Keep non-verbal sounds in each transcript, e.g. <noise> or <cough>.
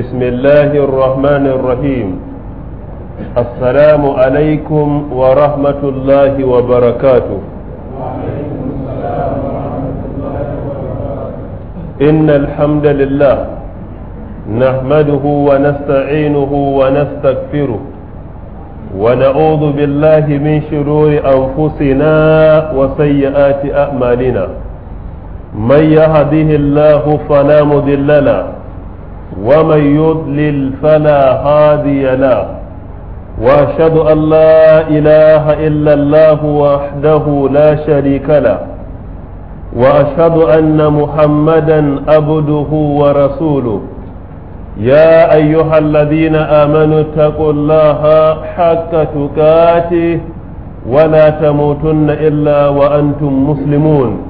بسم الله الرحمن الرحيم السلام عليكم ورحمة الله وبركاته وعليكم السلام ورحمة الله وبركاته إن الحمد لله نحمده ونستعينه ونستغفره ونعوذ بالله من شرور أنفسنا وسيئات أعمالنا من يهده الله فلا مضل له ومن يضلل فلا هادي له واشهد ان لا اله الا الله وحده لا شريك له واشهد ان محمدا عبده ورسوله يا ايها الذين امنوا اتقوا الله حق تقاته ولا تموتن الا وانتم مسلمون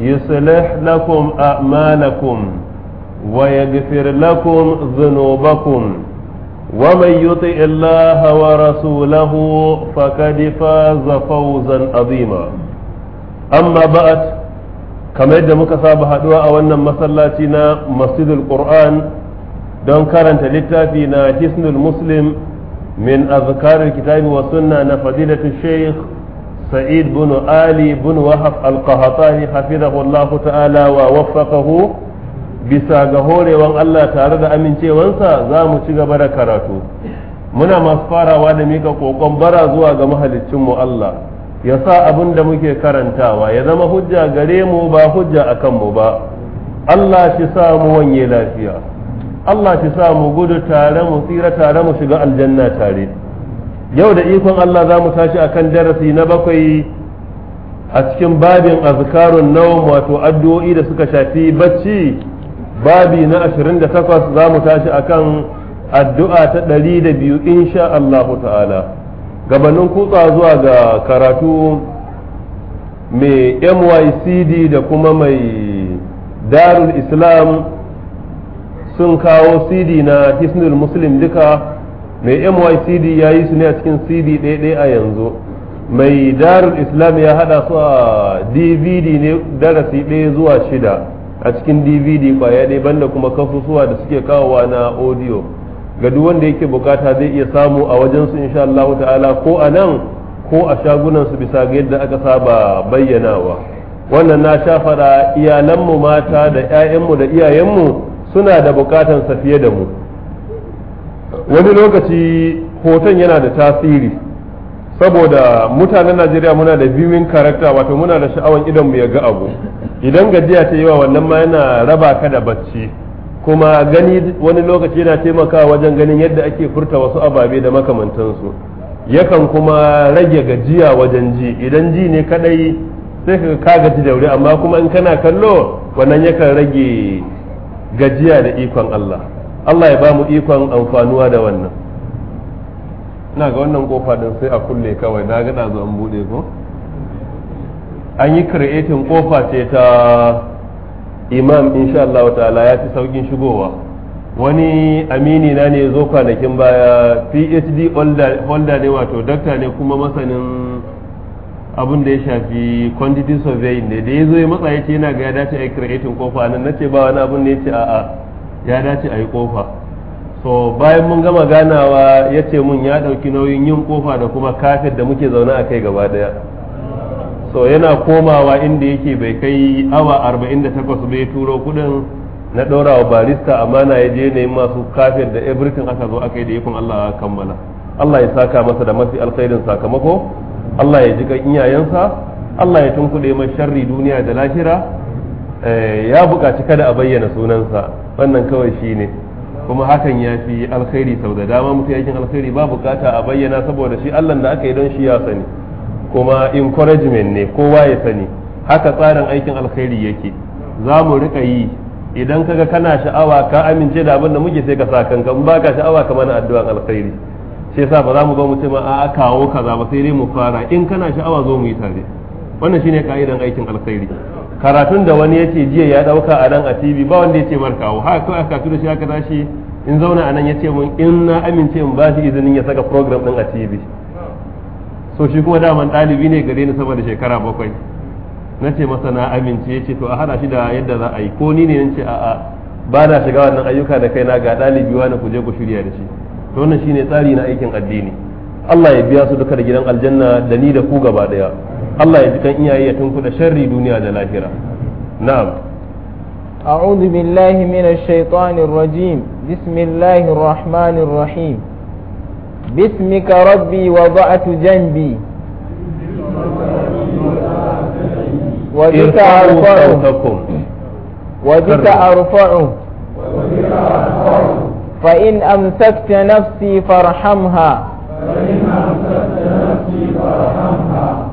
يصلح لكم أعمالكم ويغفر لكم ذنوبكم ومن يطع الله ورسوله فقد فاز فوزا عظيما أما بعد كما يدى مكساب هدواء وانا مسلاتنا مسجد القرآن دون كارنت لتافينا جسن المسلم من أذكار الكتاب والسنة نفضيلة الشيخ سعيد بن علي بن وهب القهطاني حفظه الله تعالى ووفقه bisa ga horewan Allah tare da amincewansa za mu ci gaba da karatu muna masu farawa da mika kokon bara zuwa ga mahalicinmu Allah ya sa abin da muke karantawa ya zama hujja gare mu ba hujja a kanmu ba Allah shi sa mu wanye lafiya Allah shi sa mu gudu tare mu tsira tare mu shiga aljanna tare yau da ikon Allah za mu tashi akan darasi na bakwai a cikin babin azkarun nawa wato addu'o'i da suka shafi bacci babi na 28 za mu tashi akan addu'a ta 102 insha Allah ta'ala gabanin kutsa zuwa ga karatu mai MYCD da kuma mai Darul Islam sun kawo CD na Hisnul Muslim duka mai mycd ya yi su ne a cikin cd ɗaya a yanzu mai darul islam ya hada su a dvd ne darasi ɗaya zuwa shida a cikin dvd kwaya ɗaya banda kuma kasusuwa da suke kawowa na audio ga duk wanda yake bukata zai iya samu a wajen su insha Allah ta'ala ko a nan ko a shagunan su bisa ga yadda aka saba bayyanawa wannan na sha fara iyalanmu mata da 'ya'yanmu da iyayenmu suna da bukatan sa fiye da mu wani lokaci hoton yana da tasiri saboda mutanen najeriya muna da viewing character wato muna da sha'awan mu ya ga abu idan gajiya ta yawa wannan ma yana raba ka da bacci kuma gani wani lokaci yana taimakawa wajen ganin yadda ake furta wasu ababe da makamantansu yakan kuma rage gajiya wajen ji idan ji ne kadai sai ka ka gaji da wuri amma kuma in kana kallo wannan yakan rage gajiya da ikon Allah Allah ya ba mu ikon amfanuwa da wannan ina ga wannan kofa din sai a kulle kawai na gada zuwa an buɗe ko an yi creating kofa ce ta imam insha Allah ta'ala ya fi saukin shigowa wani amini na ne zo kwanakin baya phd holder ne wato dakta ne kuma masanin abin da ya shafi quantity surveying ne da ya zo ya matsa ce yana ga ya dace a yi creating kofa nan na ce ba wani abin ne ya ce a'a ya dace a yi kofa so bayan mun gama ganawa ya ce mun ya ɗauki nauyin yin kofa da kuma kafet da muke zaune a kai gaba daya so yana komawa inda yake bai kai awa 48 bai turo kuɗin na ɗora wa barista amana ya je ne masu kafet da everything aka zo aka yi da yakun Allah kammala Allah ya saka masa da mafi alkhairin sakamako Allah ya ji kan iyayensa Allah ya tunkuɗe mai sharri duniya da lahira Eh, ya buƙaci kada a bayyana sunansa wannan kawai shi ne kuma hakan ya fi alkhairi sau da dama mutu yakin alkhairi ba bukata a bayyana saboda shi allah da aka yi don shi ya sani kuma encouragement ne kowa ya sani haka tsarin aikin alkhairi yake za mu riƙa yi idan kaga kana sha'awa ka amince da abin da muke sai ka sa kanka in baka sha'awa ka mana addu'an alkhairi sai sa ba za mu ba mu ce ma a kawo kaza ba sai dai mu fara in kana sha'awa zo mu yi tare wannan shine ka'idan aikin alkhairi karatun da wani yace jiya ya dauka a nan a TV ba wanda yace mar kawo haka kawai aka tura shi aka tashi in zauna a nan yace mun in na amince in ba shi izinin ya saka program din a TV so shi kuma man dalibi ne gare ni sama da shekara bakwai na ce masa na amince yace to a hada shi da yadda za a yi ko ni ne nace ce a'a ba na shiga wannan ayyuka da kaina ga dalibi wani ku je ku shirya da shi to wannan shine tsari na aikin addini Allah ya biya su duka da gidan aljanna da ni da ku gaba daya Allah ya ji kan iyaye ya tunkuda sharri duniya da lahira na'am أعوذ بالله من الشيطان الرجيم بسم الله الرحمن الرحيم باسمك ربي وضعت جنبي وبك أرفعه وبك أرفعه فإن أمسكت نفسي فارحمها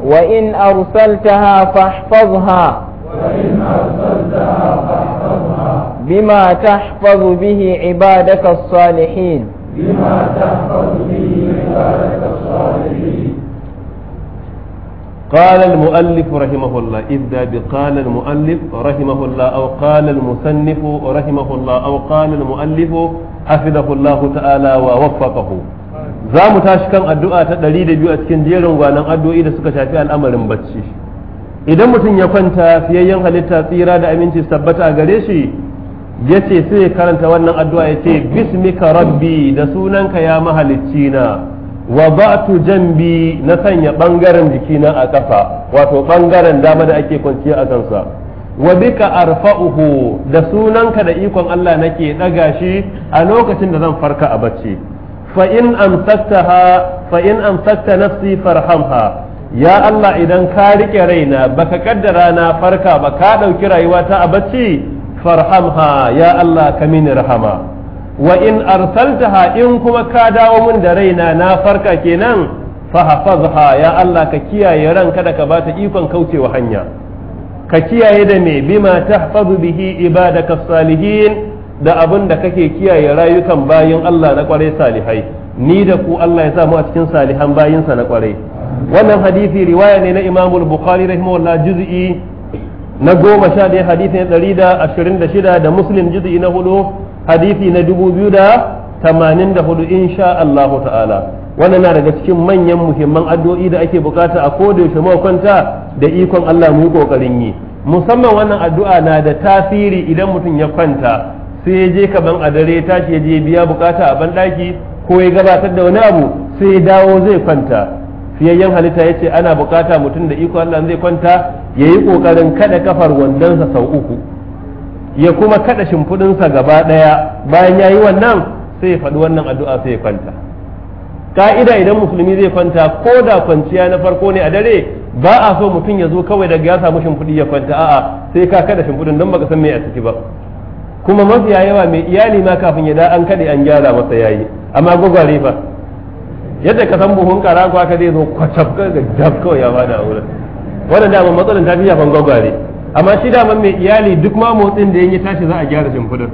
وإن أرسلتها فاحفظها وإن أرسلتها فاحفظها بما تحفظ به عبادك الصالحين بما تحفظ به عبادك الصالحين قال المؤلف رحمه الله إذا بقال المؤلف رحمه الله أو قال المصنف رحمه الله أو قال المؤلف حفظه الله تعالى ووفقه za mu tashi kan addu'a ta ɗari da biyu a cikin jerin gwanan addu'o'i da suka shafi al'amarin bacci idan mutum ya kwanta fiyayyen halitta tsira da aminci tabbata a gare shi ya ce sai ya karanta wannan addu'a ya ce bismika rabbi da sunanka ya mahalicci na wa jambi na sanya bangaren jikina a kafa wato bangaren dama da ake kwanciya a kansa wa bika arfa'uhu da sunanka da ikon Allah nake ɗaga shi a lokacin da zan farka a bacci fa in amsaktaha fa in amsakta farhamha ya Allah idan ka riƙe raina baka kaddara na farka ba ka rayuwa ta a bacci farhamha ya Allah ka mini rahama wa in arsaltaha in kuma ka dawo min da raina na farka kenan fa hafazha ya Allah ka kiyaye ranka da ka bata ikon kaucewa hanya ka kiyaye da me bima tahfazu bihi ibadaka salihin da abin da kake kiyaye rayukan bayin Allah na kwarai salihai ni da ku Allah ya sa mu a cikin salihan bayinsa na kwarai wannan hadisi riwaya ne na Imam al-Bukhari rahimahullah juz'i na goma sha ɗaya hadisi na ɗari da ashirin da shida da Muslim juz'i na hudu hadisi na dubu biyu da tamanin da hudu insha Allah ta'ala wannan na daga cikin manyan muhimman addu'o'i da ake bukata a kodayaushe mu kwanta da ikon Allah mu yi kokarin yi musamman wannan addu'a na da tasiri idan mutum ya kwanta sai ya je kaman a dare tashi ya je biya bukata a banɗaki ko ya gabatar da wani abu sai ya dawo zai kwanta fiyayyen halitta ya ce ana bukata mutum da iko Allah zai kwanta ya yi kokarin kada kafar wandonsa sau uku ya kuma kada shimfiɗinsa gaba ɗaya bayan ya yi wannan sai ya faɗi wannan addu'a sai ya kwanta ka'ida idan musulmi zai kwanta ko da kwanciya na farko ne a dare ba a so mutum ya zo kawai daga ya samu shimfiɗi ya kwanta a'a sai ka kada shimfiɗin don baka san me a ciki ba kuma mafiya yawa mai iyali ma kafin ya da an kaɗe an gyara masa yayi amma gwagware fa yadda ka san buhun ko aka zai zo kwatab ga dab ko ya bada aure wannan da matsalar ta fi shafan gwagware amma shi dama mai iyali duk ma motsin da ya tashi za a gyara shimfidar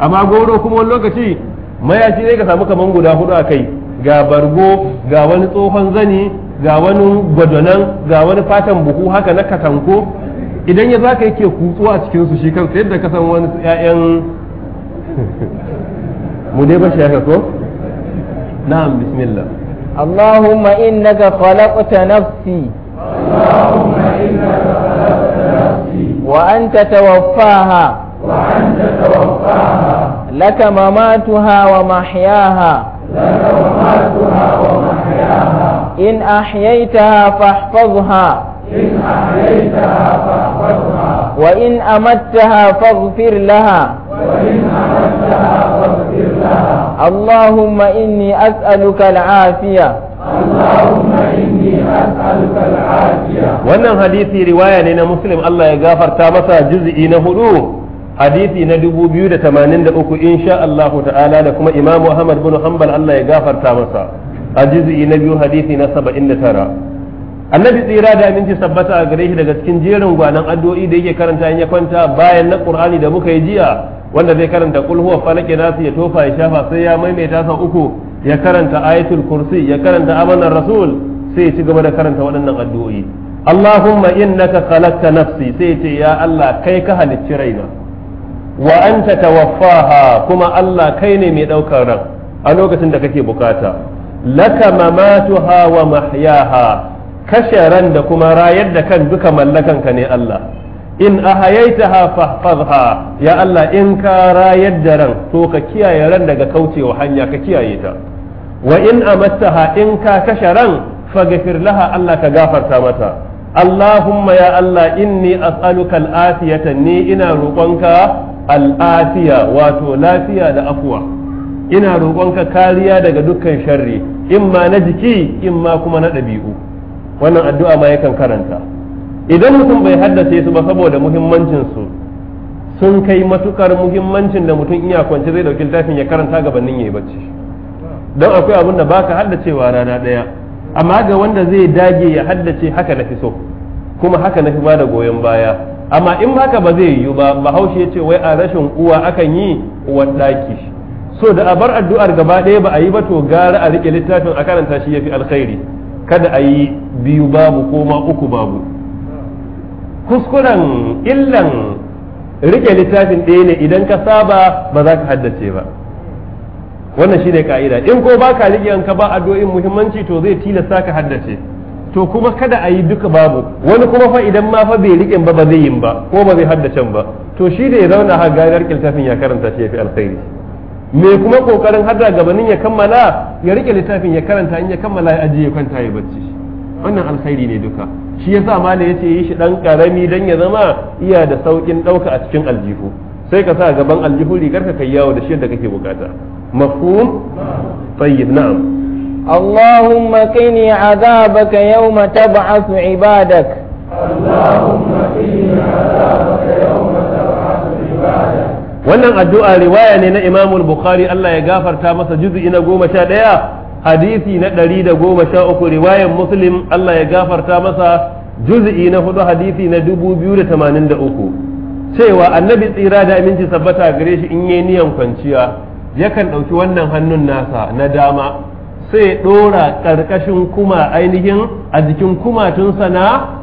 amma goro kuma wani lokaci mayaci zai ka samu kaman guda hudu a kai ga bargo ga wani tsohon zani ga wani gwadonan ga wani fatan buhu haka na katanko idan ya zaka yake kutsuwa a cikin su shi kan sai da ka san wani ƴaƴan mu dai ba shi haka ko na'am bismillah allahumma innaka khalaqta nafsi allahumma innaka وأنت توفاها وأنت توفاها لك مماتها ومحياها لك مماتها ومحياها إن أحييتها فاحفظها إن أحييتها فاحفظها وإن أمتها فاغفر لها اللهم إني أسألك العافية wannan hadisi riwaya ne na muslim Allah ya gafarta masa juz'i na hudu hadisi na uku insha Allah ta'ala da kuma Imam Ahmad bin Hanbal Allah ya gafarta masa a juz'i na biyu hadisi na tara. annabi tsira da aminci sabbata a gare shi daga cikin jerin gwanan addu'o'i da yake karanta in ya kwanta bayan na qur'ani da muka yi jiya wanda zai karanta kul huwa falaki nasu ya tofa ya shafa sai ya maimaita sau uku ya karanta ayatul kursi ya karanta amanar rasul sai ya ci gaba da karanta waɗannan addu'o'i allahumma innaka khalaqta nafsi sai ce ya allah kai ka halicci raina wa anta tawaffaha kuma allah kai ne mai ɗaukar ran a lokacin da kake bukata laka mamatuha wa mahyaha kashe ran da kuma rayar da kan duka mallakanka ne Allah in ahayaitaha fahfazha ya Allah in ka rayar da ran to ka kiyaye ran daga kaucewa hanya ka kiyaye ta wa in amattaha in ka kashe ran faghfir laha Allah ka gafarta mata Allahumma ya Allah inni as'aluka al-afiyata ni ina roƙonka al'afiya wato lafiya da afuwa ina roƙonka kariya daga dukkan sharri imma na jiki imma kuma na ɗabi'u wannan addu'a ma yakan karanta idan mutum bai haddace su ba saboda muhimmancin su sun kai matukar muhimmancin da mutum iya kwance zai dauki littafin ya karanta gabanin yayi bacci don akwai abun da baka haddacewa rana daya amma ga wanda zai dage ya haddace haka nafi so kuma haka nafi ba da goyon baya amma in haka ba zai yiwu ba bahaushe ya ce wai a rashin uwa akan yi uwan daki so da a bar addu'ar gaba ɗaya ba a yi ba to gara a rike littafin a karanta shi ya fi alkhairi kada a yi biyu babu ko ma uku babu kuskuren illan rike littafin ɗaya ne idan ka saba ba za ka haddace ba wannan shine ka'ida in ko baka rike ka ba addu'o'in muhimmanci to zai tilasta ka haddace to kuma kada a yi duka babu wani kuma fa idan ma fa bai riƙen ba ba zai yin ba ko ba zai haddace ba to shi da ya zauna ha gagar littafin ya karanta shi ya fi alkhairi me kuma kokarin hada gabanin ya kammala ya rike littafin ya karanta in ya kammala ya ajiye kwanta ya bacci wannan alkhairi ne duka shi yasa mala yace yi shi dan karami dan ya zama iya da saukin dauka a cikin aljihu sai ka sa gaban aljihu rigar ka kai yawo da shi da kake bukata mafhum tayyib na'am allahumma قني azabaka yawma تبعث ibadak allahumma قني azabaka wannan addu'a riwaya ne na imamul bukhari Allah ya gafarta masa juz'i na goma hadisi na ɗari da riwayan muslim Allah ya gafarta masa juz'i na hudu hadisi na dubu cewa annabi tsira da aminci sabbata gare shi in yi niyan kwanciya yakan ɗauki wannan hannun nasa na dama sai ɗora ƙarƙashin kuma ainihin a jikin kumatunsa na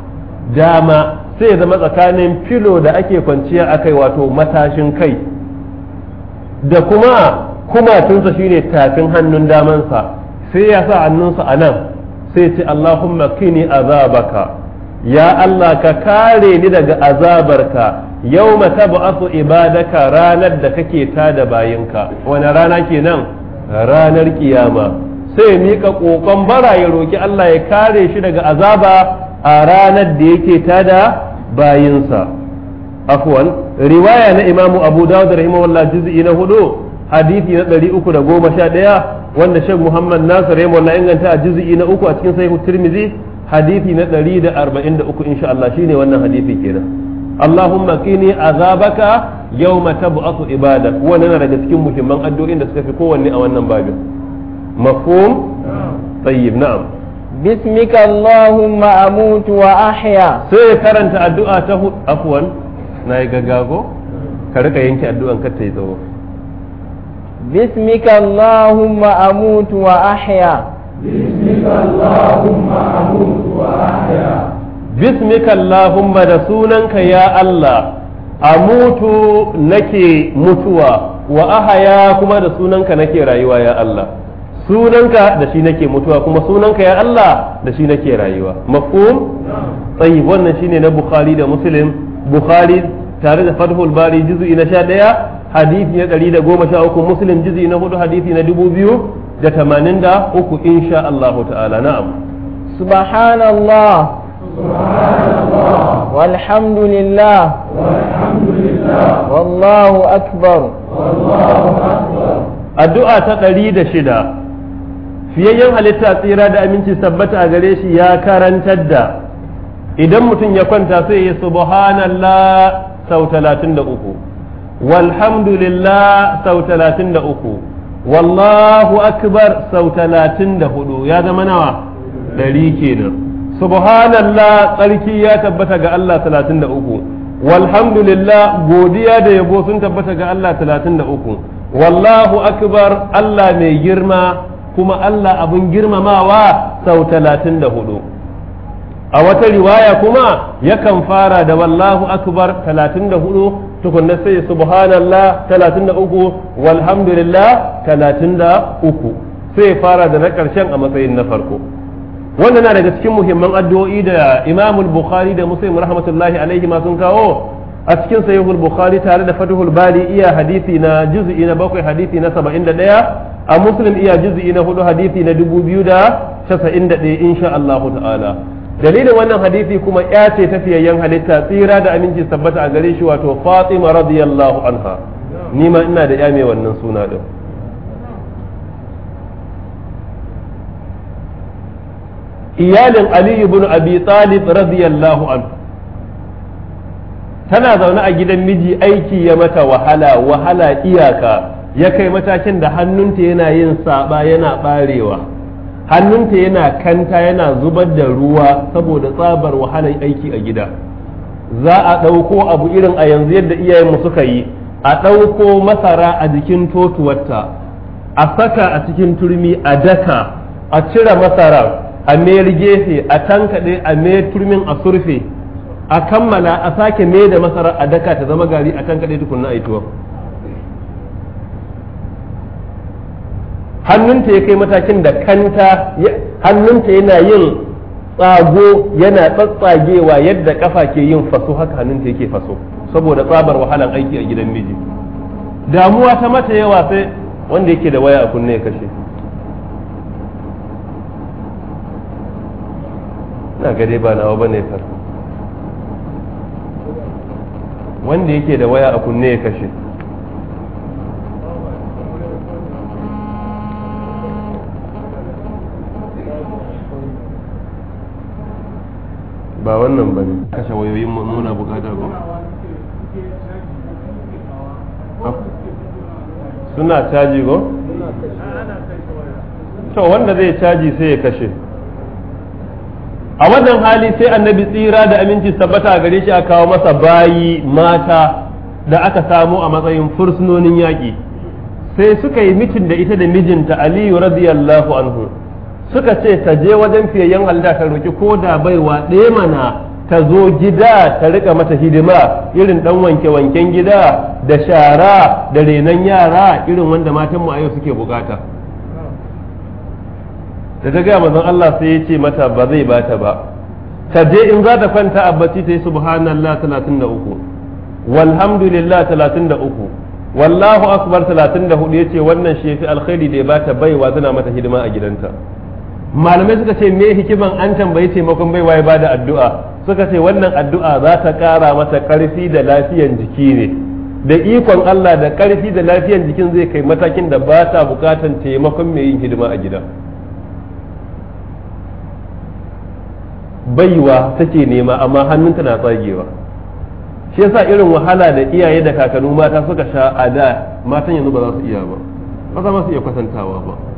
dama sai ya zama tsakanin filo da ake kwanciya akai wato matashin kai da kuma kumatunsa shine tafin hannun damansa sai ya sa hannunsa a nan sai ce Allahumma kini azabaka ya Allah ka kare ni daga azabarka yau mata tab'atu ibadaka ranar da kake ta tada bayinka wani rana kenan ranar kiyama sai mika kokon bara ya roki Allah ya kare shi daga azaba a ranar da yake ta da bayinsa afwan riwaya na imamu abu dawud rahimahullah juz'i na hudu hadisi na ɗari uku da goma sha ɗaya wanda shek muhammad nasir allah inganta a juz'i na uku a cikin sahihu tirmidhi hadisi na ɗari da arba'in da uku insha Allah shine wannan hadisi kenan Allahumma qini azabaka yawma tab'atu ibadak wannan na daga cikin muhimman addu'o'in da suka fi kowanne a wannan babin mafhum tayyib na'am bismika allahumma amutu wa ahya sai karanta addu'a ta afwan na yi gaggago ka rika yanke addu'an ka ta yi tsawo bismika allahumma amutu wa ahya bismika allahumma amutu wa ahya bismika allahumma da sunanka ya allah amutu nake mutuwa wa ahya kuma da sunanka nake rayuwa ya allah sunanka da shi nake mutuwa kuma sunanka ya Allah da shi nake rayuwa mafhum tsayi wannan shine na Bukhari da Muslim bukhari tare da fathul bari juz'i na 11 hadisi na 113 muslim juz'i na 4 hadisi na 2083 insha Allah ta'ala na'am subhanallah والحمد لله والله أكبر الدعاء تقريد شدة في يوم هل تأثير أمين تثبت أغريش يا كارن تدى idan mutum ya kwanta sai ya subhanallah sau talatin da uku walhamdulillah sau talatin da uku wallahu akbar sau talatin da hudu ya zama nawa ɗari kenan subhanallah tsarki ya tabbata ga Allah talatin da uku walhamdulillah godiya da yabo sun tabbata ga Allah talatin da uku wallahu akbar Allah mai girma kuma Allah abin girmamawa sau talatin da hudu a wata riwaya kuma yakan fara da wallahu akbar 34 tukunna sai subhanallah 33 walhamdulillah 33 sai fara da na karshen a matsayin na farko wannan na daga cikin muhimman addu'o'i da Imam Bukhari da Muslim rahmatullahi alaihi ma sun kawo a cikin sahihul Bukhari tare da Fathul Bari iya hadisi na juz'i na bakwai hadisi na 71 a Muslim iya juz'i na hudu hadisi na 2091 insha Allah ta'ala dalilin wannan hadisi kuma ya ce tafiyayyen halitta tsira da aminci tabbata a gare shi wato Fatima radiyallahu anha ni ma ina da ya mai wannan suna din iyalin Ali ibn Abi Talib radiyallahu anhu tana zaune a gidan miji aiki ya mata wahala wahala iyaka ya kai matakin da hannunta yana yin saba yana barewa hannunta yana kanta yana zubar da ruwa saboda tsabar wahalar aiki a gida za a ɗauko abu irin a yanzu yadda iyayenmu suka yi a ɗauko masara a jikin totuwarta a saka a cikin turmi a daka a cire masara a mayar gefe a tankaɗe a mayar turmin a surfe a kammala a sake mai da masara a daka ta zama gari a tankaɗe tukunna a yi tuwa hannunta ya kai matakin da kanta hannunta yana yin tsago yana tsatsagewa yadda kafa ke yin faso haka hannunta yake faso saboda tsabar wahalan aiki a gidan miji damuwa ta mata yawa sai wanda yake da waya a kunne ya kashe na gade ba nawa bane far wanda yake da waya a kunne ya kashe ba wannan ba ne kashe wayoyin nuna bukata ba suna caji ko? to wanda zai caji sai ya kashe a wannan hali sai annabi tsira da aminci tabbata a gare shi a kawo masa bayi mata da aka samu a matsayin fursunonin yaƙi sai suka yi mitin da ita da mijinta aliyu radiyallahu anhu suka ce ta je wajen fiyayyen halda ta roki ko da baiwa ɗaya mana ta zo gida ta rika mata hidima irin dan wanke wanken gida da shara da renon yara irin wanda mu a yau suke bukata da ta gaya mazan Allah sai ya ce mata ba zai bata ba ta je in za ta kwanta a bacci ta yi subhanallah 33 walhamdulillah 33 wallahu akbar 34 ce wannan shi fi alkhairi da ya bata baiwa tana mata hidima a gidanta malamai suka ce me hikiman an tambayi taimakon bai waye bada addu'a suka ce wannan addu'a za ta kara masa karfi da lafiyan jiki ne da ikon Allah da karfi da lafiyan jikin zai kai matakin da ba ta bukatan taimakon mai yin hidima a gida baiwa take nema amma hannunta na tsagewa shi yasa irin wahala da iyaye da kakanu mata suka sha a da matan yanzu ba za su iya ba ba za su iya kwatantawa ba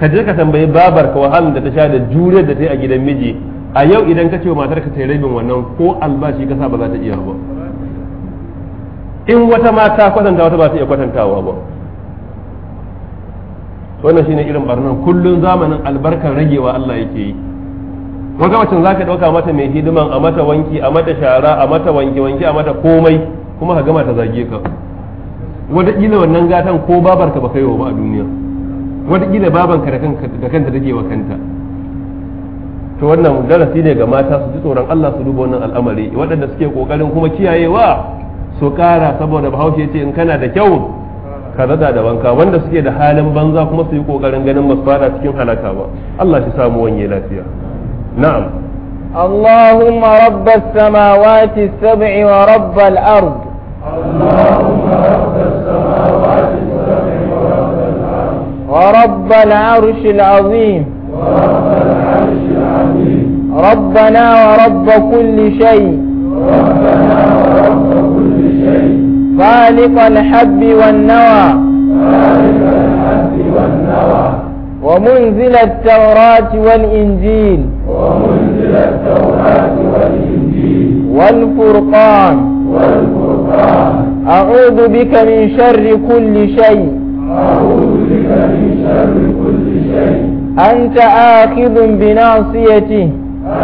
ka je ka tambayi babar ka wahalan da ta sha da juriyar da ta yi a gidan miji a yau idan ka ce wa matar ka ta rabin wannan ko albashi ka sa ba za ta iya ba in wata ma ta kwatanta wata ba ta iya kwatantawa ba wannan shine irin barnan kullun zamanin albarkar ragewa Allah yake yi wata wacin zaka dauka mata mai hidiman a mata wanki a mata shara a mata wanki wanki a mata komai kuma ka gama ta zage ka wata kila wannan gatan ko babarka ba kai wa ba a duniya wataƙila babanka da da kanta take wa kanta to wannan darasi ne ga mata su ji tsoron Allah su duba wannan al'amari waɗanda suke kokarin kuma kiyayewa su ƙara saboda bahaushe ce in kana da kyau ka zada da wanka wanda suke da halin banza kuma su yi kokarin ganin masu fada cikin halaka ba Allah shi samu wanye lafiya na'am اللهم رب السماوات السبع ورب الأرض اللهم رب السماوات ورب العرش العظيم ورب العرش العظيم ربنا ورب كل شيء ربنا ورب كل شيء خالق الحب والنوى خالق الحب والنوى ومنزل التوراة والإنجيل ومنزل التوراة والإنجيل والفرقان والفرقان أعوذ بك من شر كل شيء أعوذ أنت آخذ بناصيتي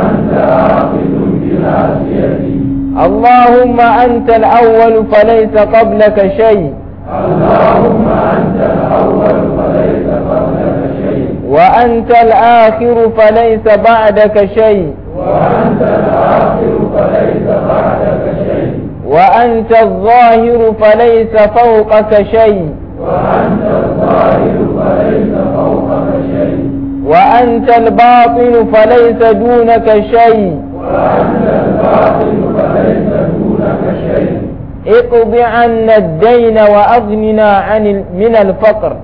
أنت آخذ بناصيته اللهم أنت الأول فليس قبلك شيء اللهم أنت الأول فليس قبلك شيء وأنت الآخر فليس بعدك شيء وأنت الآخر فليس بعدك شيء وأنت الظاهر فليس فوقك شيء وأنت الظاهر فليس فوقك شيء وأنت الباطن فليس دونك شيء وأنت الباطن فليس دونك شيء اقض عنا الدين وأغننا عن من الفقر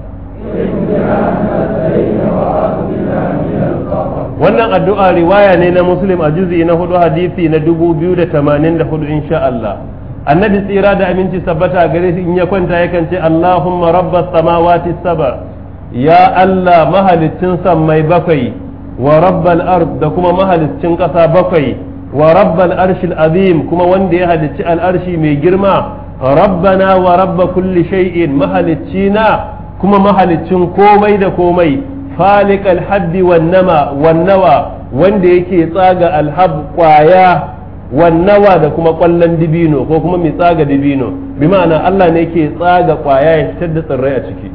wannan addu'a riwaya ne na muslim a juzi na hudu hadisi na dubu biyu da tamanin da hudu insha Allah annabi tsira da aminci sabbata gare shi in ya kwanta ya kance Allahumma rabbas samawati saba ya Allah mahalicin mai bakwai wa rabbal ard da kuma mahalicin kasa bakwai wa rabbal arshil azim kuma wanda ya halicci al-arshi mai girma rabbana wa rabba kulli shay'in mahalicina kuma mahalicin komai da komai falik alhabbi wan nama wan nawa wanda yake tsaga alhab qaya wannawa da kuma kwallon dibino ko kuma mai tsaga dibino bi ma'ana Allah ne ke tsaga kwaya ya fitar da tsirrai a ciki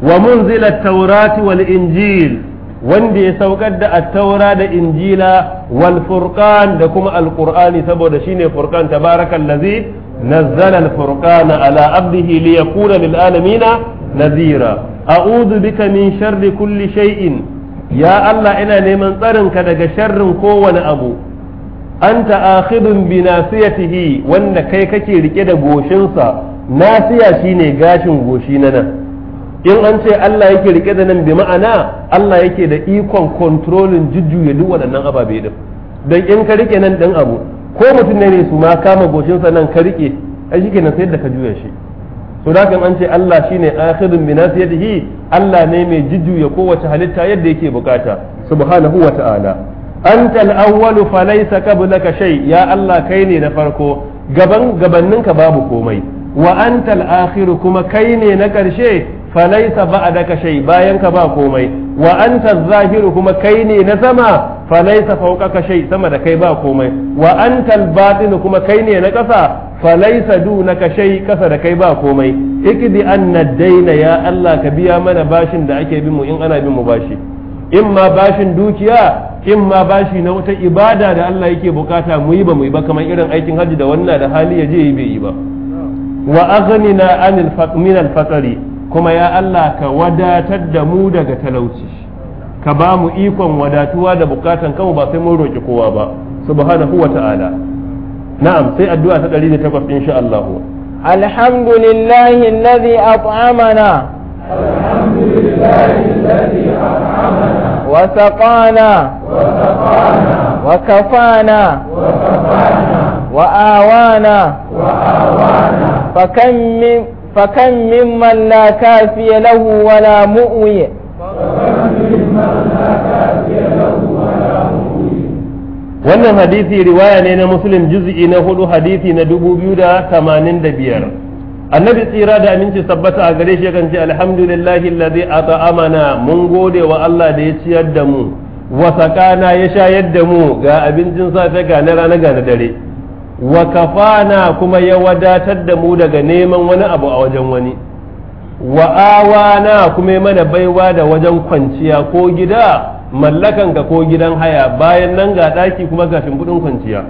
wa munzila taurati wal injil wanda ya saukar da attaura da injila wal furqan da kuma alqur'ani saboda shine furqan tabarakal ladzi nazzala al furqana ala abdihi liyakuna lil alamina nadhira a'udhu bika min sharri kulli shay'in ya Allah ina neman tsarinka daga sharrin kowane abu anta akhidun bi nasiyatihi wanda kai kake rike da goshinsa nasiya shine gashin goshi na nan in an ce Allah yake rike da nan bi ma'ana Allah yake da ikon controlling jujjuya duk waɗannan ababe din dan in ka rike nan dan abu ko mutum ne ne su ma kama goshinsa nan ka rike ai shike nan sai da ka juya shi to da kan an ce Allah shine akhidun bi nasiyatihi Allah ne mai jujjuya kowace halitta yadda yake bukata subhanahu wa ta'ala anta al-awwalu falaysa qablaka shay ya Allah kai ne na farko gaban gabanninka babu komai wa anta kuma kai ne na karshe falaysa da shay bayan ka ba komai wa'antar anta zahiru kuma kai ne na sama falaysa fawqaka shay sama da kai ba komai wa anta kuma kai ne na kasa falaisa na shay kasa da kai ba komai ikdi anna daina ya Allah ka biya mana bashin da ake binmu in ana bin mu bashi in ma bashin dukiya in ma bashi na wata ibada da Allah yake bukata mu yi ba mu yi ba kamar irin aikin hajji da wannan da hali ya je yi bai yi ba wa aghnina anil min al fatari kuma ya Allah ka wadatar da mu daga talauci ka ba mu ikon wadatuwa da bukatan kanmu ba sai mun roki kowa ba subhanahu wa na'am sai addu'a ta 108 insha Allah alhamdulillahi alladhi at'amana وسقانا وكفانا وآوانا فكم من فكم ممن لا كافي له ولا مؤوي wannan hadisi riwaya ne na muslim juz'i na hudu hadisi na dubu biyu da tamanin da biyar annabi tsira da aminci tabbata a gare shi yakan ce alhamdulillahi alladhi amana, mun gode wa Allah da ya ciyar da mu wa sakana ya shayar da mu ga abincin safe ga na rana ga na dare wa kafana kuma ya wadatar da mu daga neman wani abu a wajen wani wa awana kuma mana baiwa da wajen kwanciya ko gida mallakanka ko gidan haya bayan nan ga daki kuma ga buɗin kwanciya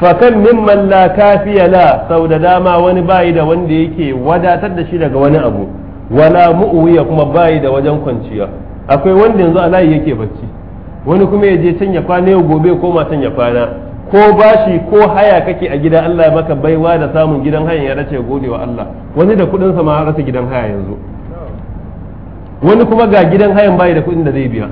fakan mimman la kafiya la sau da dama wani bayi da wanda yake wadatar da shi daga wani abu wala mu'uwiya kuma bayi da wajen kwanciya akwai wanda yanzu alayi yake bacci wani kuma ya je can ya kwana yau gobe ko ma can ya kwana ko bashi ko haya kake a gidan Allah ya maka baiwa da samun gidan haya ya race gode wa Allah wani da kudin sa ma rasa gidan haya yanzu wani kuma ga gidan hayan bayi da kudin da zai biya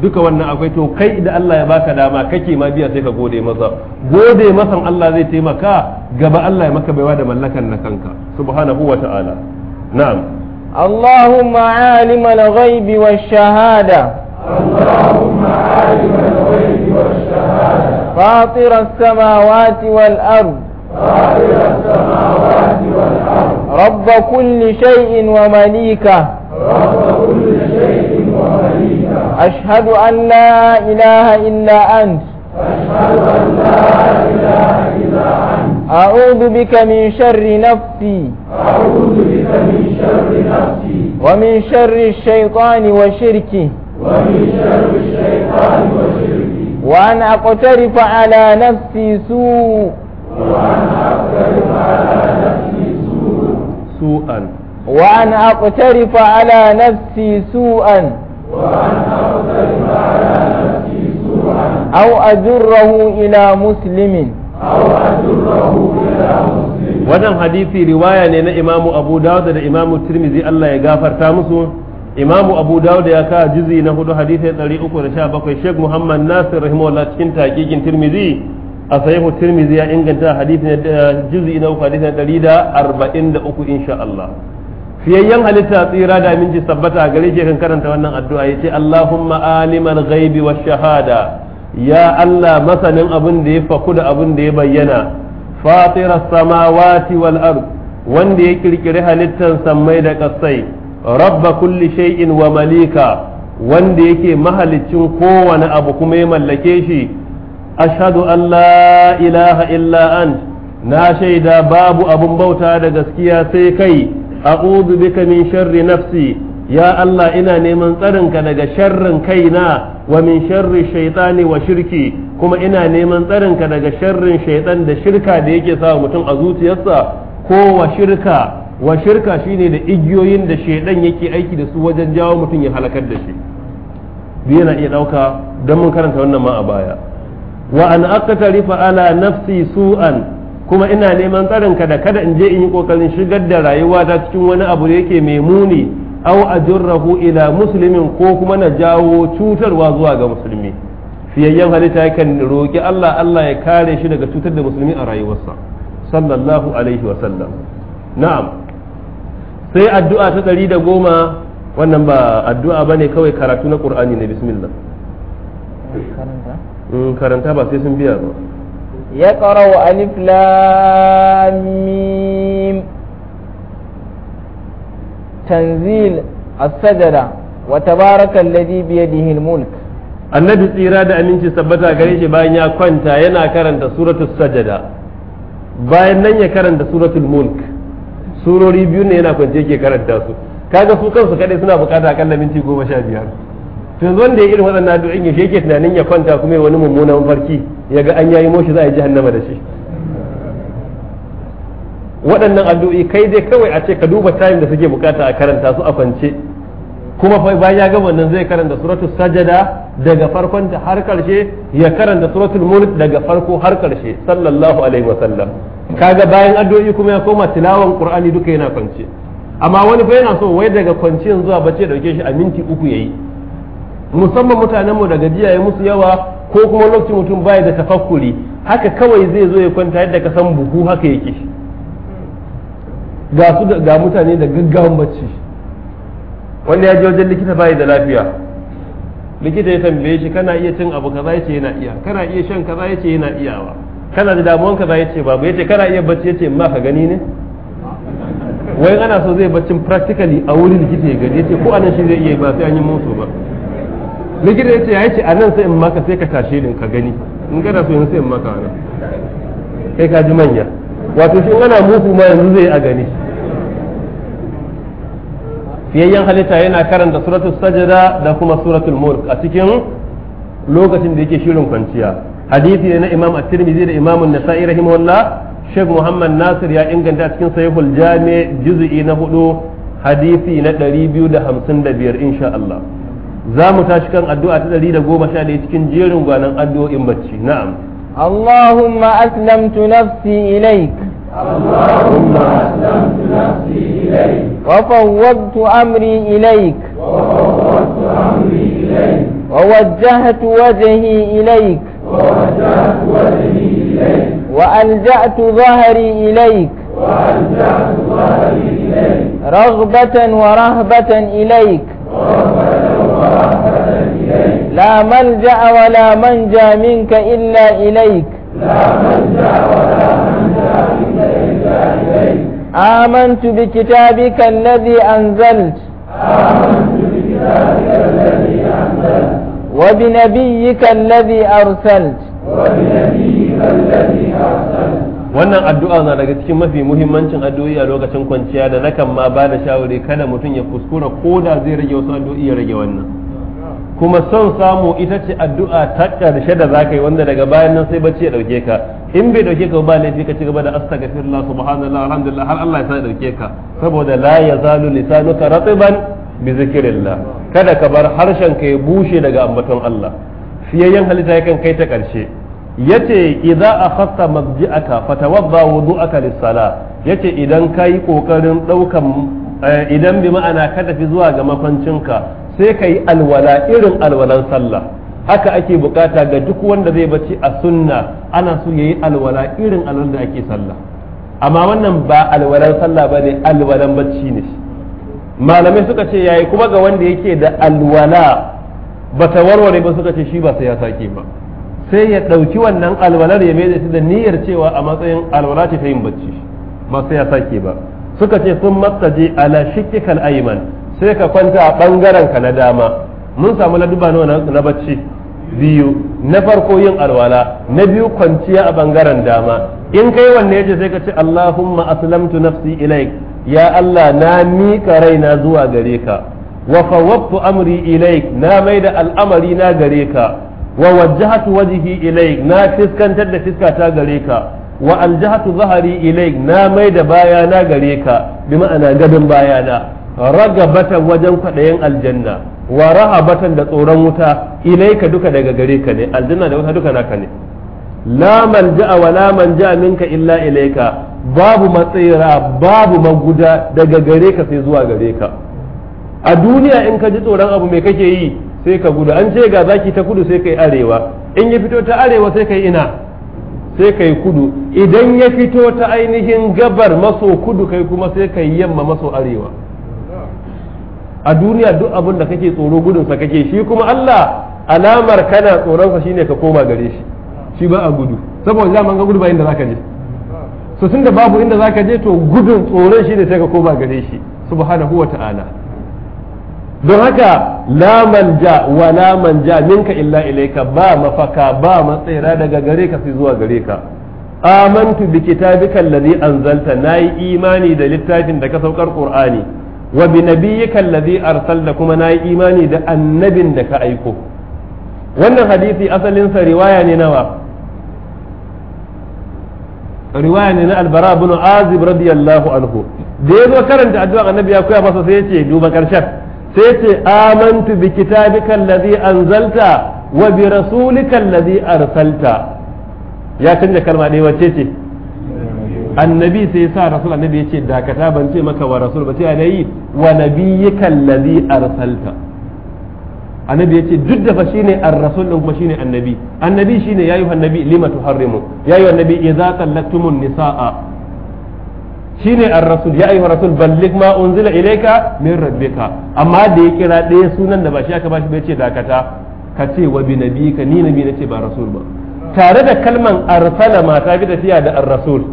duka wannan akwai to kai da Allah ya baka dama kake ma biya sai ka gode masa gode masan Allah zai taimaka gaba Allah ya maka baiwa da mallakan na kanka subhanahu wa ta'ala na'am Allahumma alim al-ghayb shahada Allahumma alim al-ghayb wa shahada fatir as-samawati wal ard fatir as-samawati wal ard رب كل شيء ومليكه أشهد أن لا إله إلا أنت أشهد أن لا إله إلا أنت أعوذ بك من شر نفسي أعوذ بك من شر نفسي ومن شر الشيطان وشركه ومن شر الشيطان وشركه وأن أقترف على نفسي سوء وأن أقترف على نفسي سوء سوءا وأن أقترف على نفسي سوءا وأن أقترف على نفسي سوءا أو أجره إلى مسلم أو أجره إلى مسلم wannan hadisi riwaya ne na imamu abu dawud da imamu tirmizi Allah ya gafarta musu imamu abu dawud ya kawo juzi na hudu uku da sha bakwai. sheikh muhammad nasir rahimahullah cikin takikin tirmizi a sahihu tirmizi ya inganta hadisi na eh, juzi na uku da arba'in da uku, insha Allah fiyayyen halitta tsira da aminci sabbata gare shi kan karanta wannan addu'a yace Allahumma alimal ghaibi wash shahada ya Allah masanin abin da ya faku da abin da ya bayyana fatira samawati wal ard wanda ya kirkiri halittan sammai da kasai rabba kulli shay'in wa malika wanda yake mahalicin kowane abu kuma ya mallake shi ashhadu an la ilaha illa ant na shaida babu abun bauta da gaskiya sai kai a'udhu bika min sharri nafsi ya Allah ina neman tsarinka daga sharrin kaina wa min sharri shaitani wa shirki kuma ina neman tsarinka daga sharrin shaitan da shirka da yake sa mutum a zuciyarsa ko wa shirka wa shirka shine da igiyoyin da shaitan yake aiki da su wajen jawo mutum ya halakar da shi biyu na iya ɗauka don mun karanta wannan ma a baya wa an aqtarifa ala nafsi su'an kuma ina neman ka da kada in je in yi kokarin shigar da rayuwata cikin wani abu da yake mai muni aw ajurrahu ila muslimin ko kuma na jawo cutarwa zuwa ga musulmi fiyayyen halitta yakan roki Allah Allah ya kare shi daga cutar da musulmi a rayuwarsa sallallahu alaihi wa sallam na'am sai addu'a ta ɗari da goma wannan ba addu'a bane kawai karatu na qur'ani ne bismillah karanta mm, ba sai sun biya ba يقرأ ألف لام ميم تنزيل السجدة وتبارك الذي بيده الملك annabi tsira da aminci sabbata gare shi bayan ya kwanta yana karanta suratul sajada bayan nan ya karanta suratul mulk surori biyu ne yana kwance ke karanta su kaga su kansu kadai suna bukata kallamin minti goma sha biyar to yanzu wanda ya irin waɗannan addu'o'in ya sheke tunanin ya kwanta kuma ya wani mummunan farki ya ga an yayi moshi za a yi jahannama da shi waɗannan addu'o'i kai dai kawai a ce ka duba tayin da suke bukata a karanta su a kwance kuma bayan ya gama nan zai karanta suratul sajada daga farkon ta har karshe ya karanta suratul mulk daga farko har karshe sallallahu alaihi wasallam kaga bayan addu'o'i kuma ya koma tilawan qur'ani duka yana kwance amma wani fa yana so wai daga kwanciyar zuwa bace dauke shi a minti uku yayi musamman mutanen mu da gajiya ya musu yawa ko kuma lokacin mutum baya da tafakkuri haka kawai zai zo ya kwanta yadda ka san buhu haka yake ga su ga mutane da gaggawan bacci wanda ya je wajen likita bai da lafiya likita ya tambaye shi kana iya cin abu kaza yace yana iya kana iya shan kaza yace yana iyawa kana da damuwan kaza yace babu yace kana iya bacci yace ma ka gani ne wai ana so zai baccin practically a wurin likita ya gani yace ko anan shi zai iya ba sai an yi musu ba likita ya ce ya ce a nan sai in maka sai ka tashe ni ka gani in kana so in sai in maka nan kai ka ji manya wato shi ana musu ma yanzu zai a gani fiyayyen halitta yana karanta suratul sajada da kuma suratul mulk a cikin lokacin da yake shirin kwanciya hadisi ne na imam at-tirmidhi da imam an-nasa'i rahimahullah Sheikh Muhammad Nasir ya inganta cikin Sahihul Jami' juz'i na hudu hadisi na 255 insha Allah za mu tashi kan addu'a ta ɗari da goma sha ɗaya cikin jerin gwanan addu'o'in bacci na'am Allahumma aslamtu nafsi ilaik اللهم أسلمت نفسي إليك وفوضت أمري إليك وفوضت أمري إليك ووجهت وجهي إليك ووجهت وجهي إليك وألجأت ظهري إليك وألجأت ظهري إليك رغبة ورهبة إليك لا ملجأ ولا منجا منك إلا إليك لا ملجأ ولا منجا منك إلا إليك آمنت بكتابك الذي أنزلت آمنت بكتابك الذي أنزلت وبنبيك الذي أرسلت وبنبيك الذي أرسلت wannan addu'a na daga cikin mafi muhimmancin addu'o'i a lokacin kwanciya da nakan ma ba da shawari kada mutum ya kuskura ko da zai rage wasu addu'o'i ya rage wannan kuma son samu ita ce addu'a ta ƙarshe da zaka yi wanda daga bayan nan sai bacci ya dauke ka in bai dauke ka ba laifi ka ci gaba da astaghfirullah subhanallah alhamdulillah har Allah ya sa dauke ka saboda la yazalu lisanuka ratiban bi zikrillah kada ka bar harshen ka ya bushe daga ambaton Allah fiyayyen halitta yakan kai ta ƙarshe yace idza akhadta mabdi'aka fatawadda wudu'aka lis salah yace idan kai kokarin daukan eh, idan bi ma'ana ka tafi zuwa ga ka sai kai alwala irin alwalan sallah haka ake bukata ga duk wanda zai bace a sunna ana so yayi alwala irin alwalan da ake sallah amma wannan ba alwalan sallah bane alwalan bacci ne malamai suka ce yayi kuma ga wanda yake da alwala bata warware ba suka ce shi ba sai ya sake ba sai ya ɗauki wannan alwalar ya maida shi da niyyar cewa a matsayin alwala ce ta yin bacci ba sai ya sake ba suka ce sun matsaje ala shikikal ayman sai ka kwanta a bangaren ka na dama mun samu laduba nawa na bacci biyu na farko yin alwala na biyu kwanciya a bangaren dama in kai wanne yace sai ka ce Allahumma aslamtu nafsi ilaik ya Allah na miƙa raina zuwa gare ka wa fawwabtu amri ilaik na maida al'amari na gare ka wa wajjahatu wajhi ilayk na fiskantar da fiskata gare ka wa aljahatu zahari ilayk na mai da baya na gare ka bi ma'ana gadon bayana ragabatan wajen kwaɗayin aljanna wa rahabatan da tsoron wuta ilayka duka daga gare ka ne aljanna da wuta duka naka ne la ja'a wa la manja minka illa ilaika babu matsira babu maguda daga gare ka sai zuwa gare ka a duniya in ka ji tsoron abu me kake yi sai ka gudu an ce ga zaki ta kudu sai kai arewa in ya fito ta arewa sai kai ina sai kai kudu idan ya fito ta ainihin gabar maso kudu kai kuma sai kai yamma maso arewa a duniya duk abin da kake tsoro gudunsa kake shi kuma Allah alamar kana sa shine ka koma gare shi shi ba a gudu saboda zaman ga gudu ba inda zaka je so tunda babu inda zaka je to gudun tsoron shine sai ka koma gare shi subhanahu wa ta'ala don haka la ja wa la manja minka illa ilaika ba mafaka ba matsaira daga gare ka sai zuwa gare ka amantu bi kitabika alladhi anzalta nayi imani da littafin da ka saukar qur'ani wa bi nabiyyika alladhi arsalta kuma nayi imani da annabin da ka aiko wannan hadisi asalin sa riwaya ne nawa riwaya ne na albara bin azib radiyallahu anhu da yazo karanta addu'a annabi ya koya masa sai ce duba karshen sai ce amantu bi kitabika allazi anzalta wa bi rasulika allazi arsalta ya canja kalma dai wacce ce annabi sai sa rasul annabi yace dakata ban ce maka wa rasul ba ce anayi wa nabiyyika allazi arsalta annabi yace duk da fa shine ar-rasul din kuma shine annabi annabi shine ya yuhan nabi lima tuharrimu ya yuhan nabi idza tallaqtumun nisaa shine ar-rasul ya ayyuhar rasul balligh ma unzila ilayka min rabbika amma da ya kira ɗaya sunan da ba shi aka bashi bai ce dakata ka ce wa bi nabika ni nabi nace ba rasul ba tare da kalman arsala ma ta bi tafiya da ar-rasul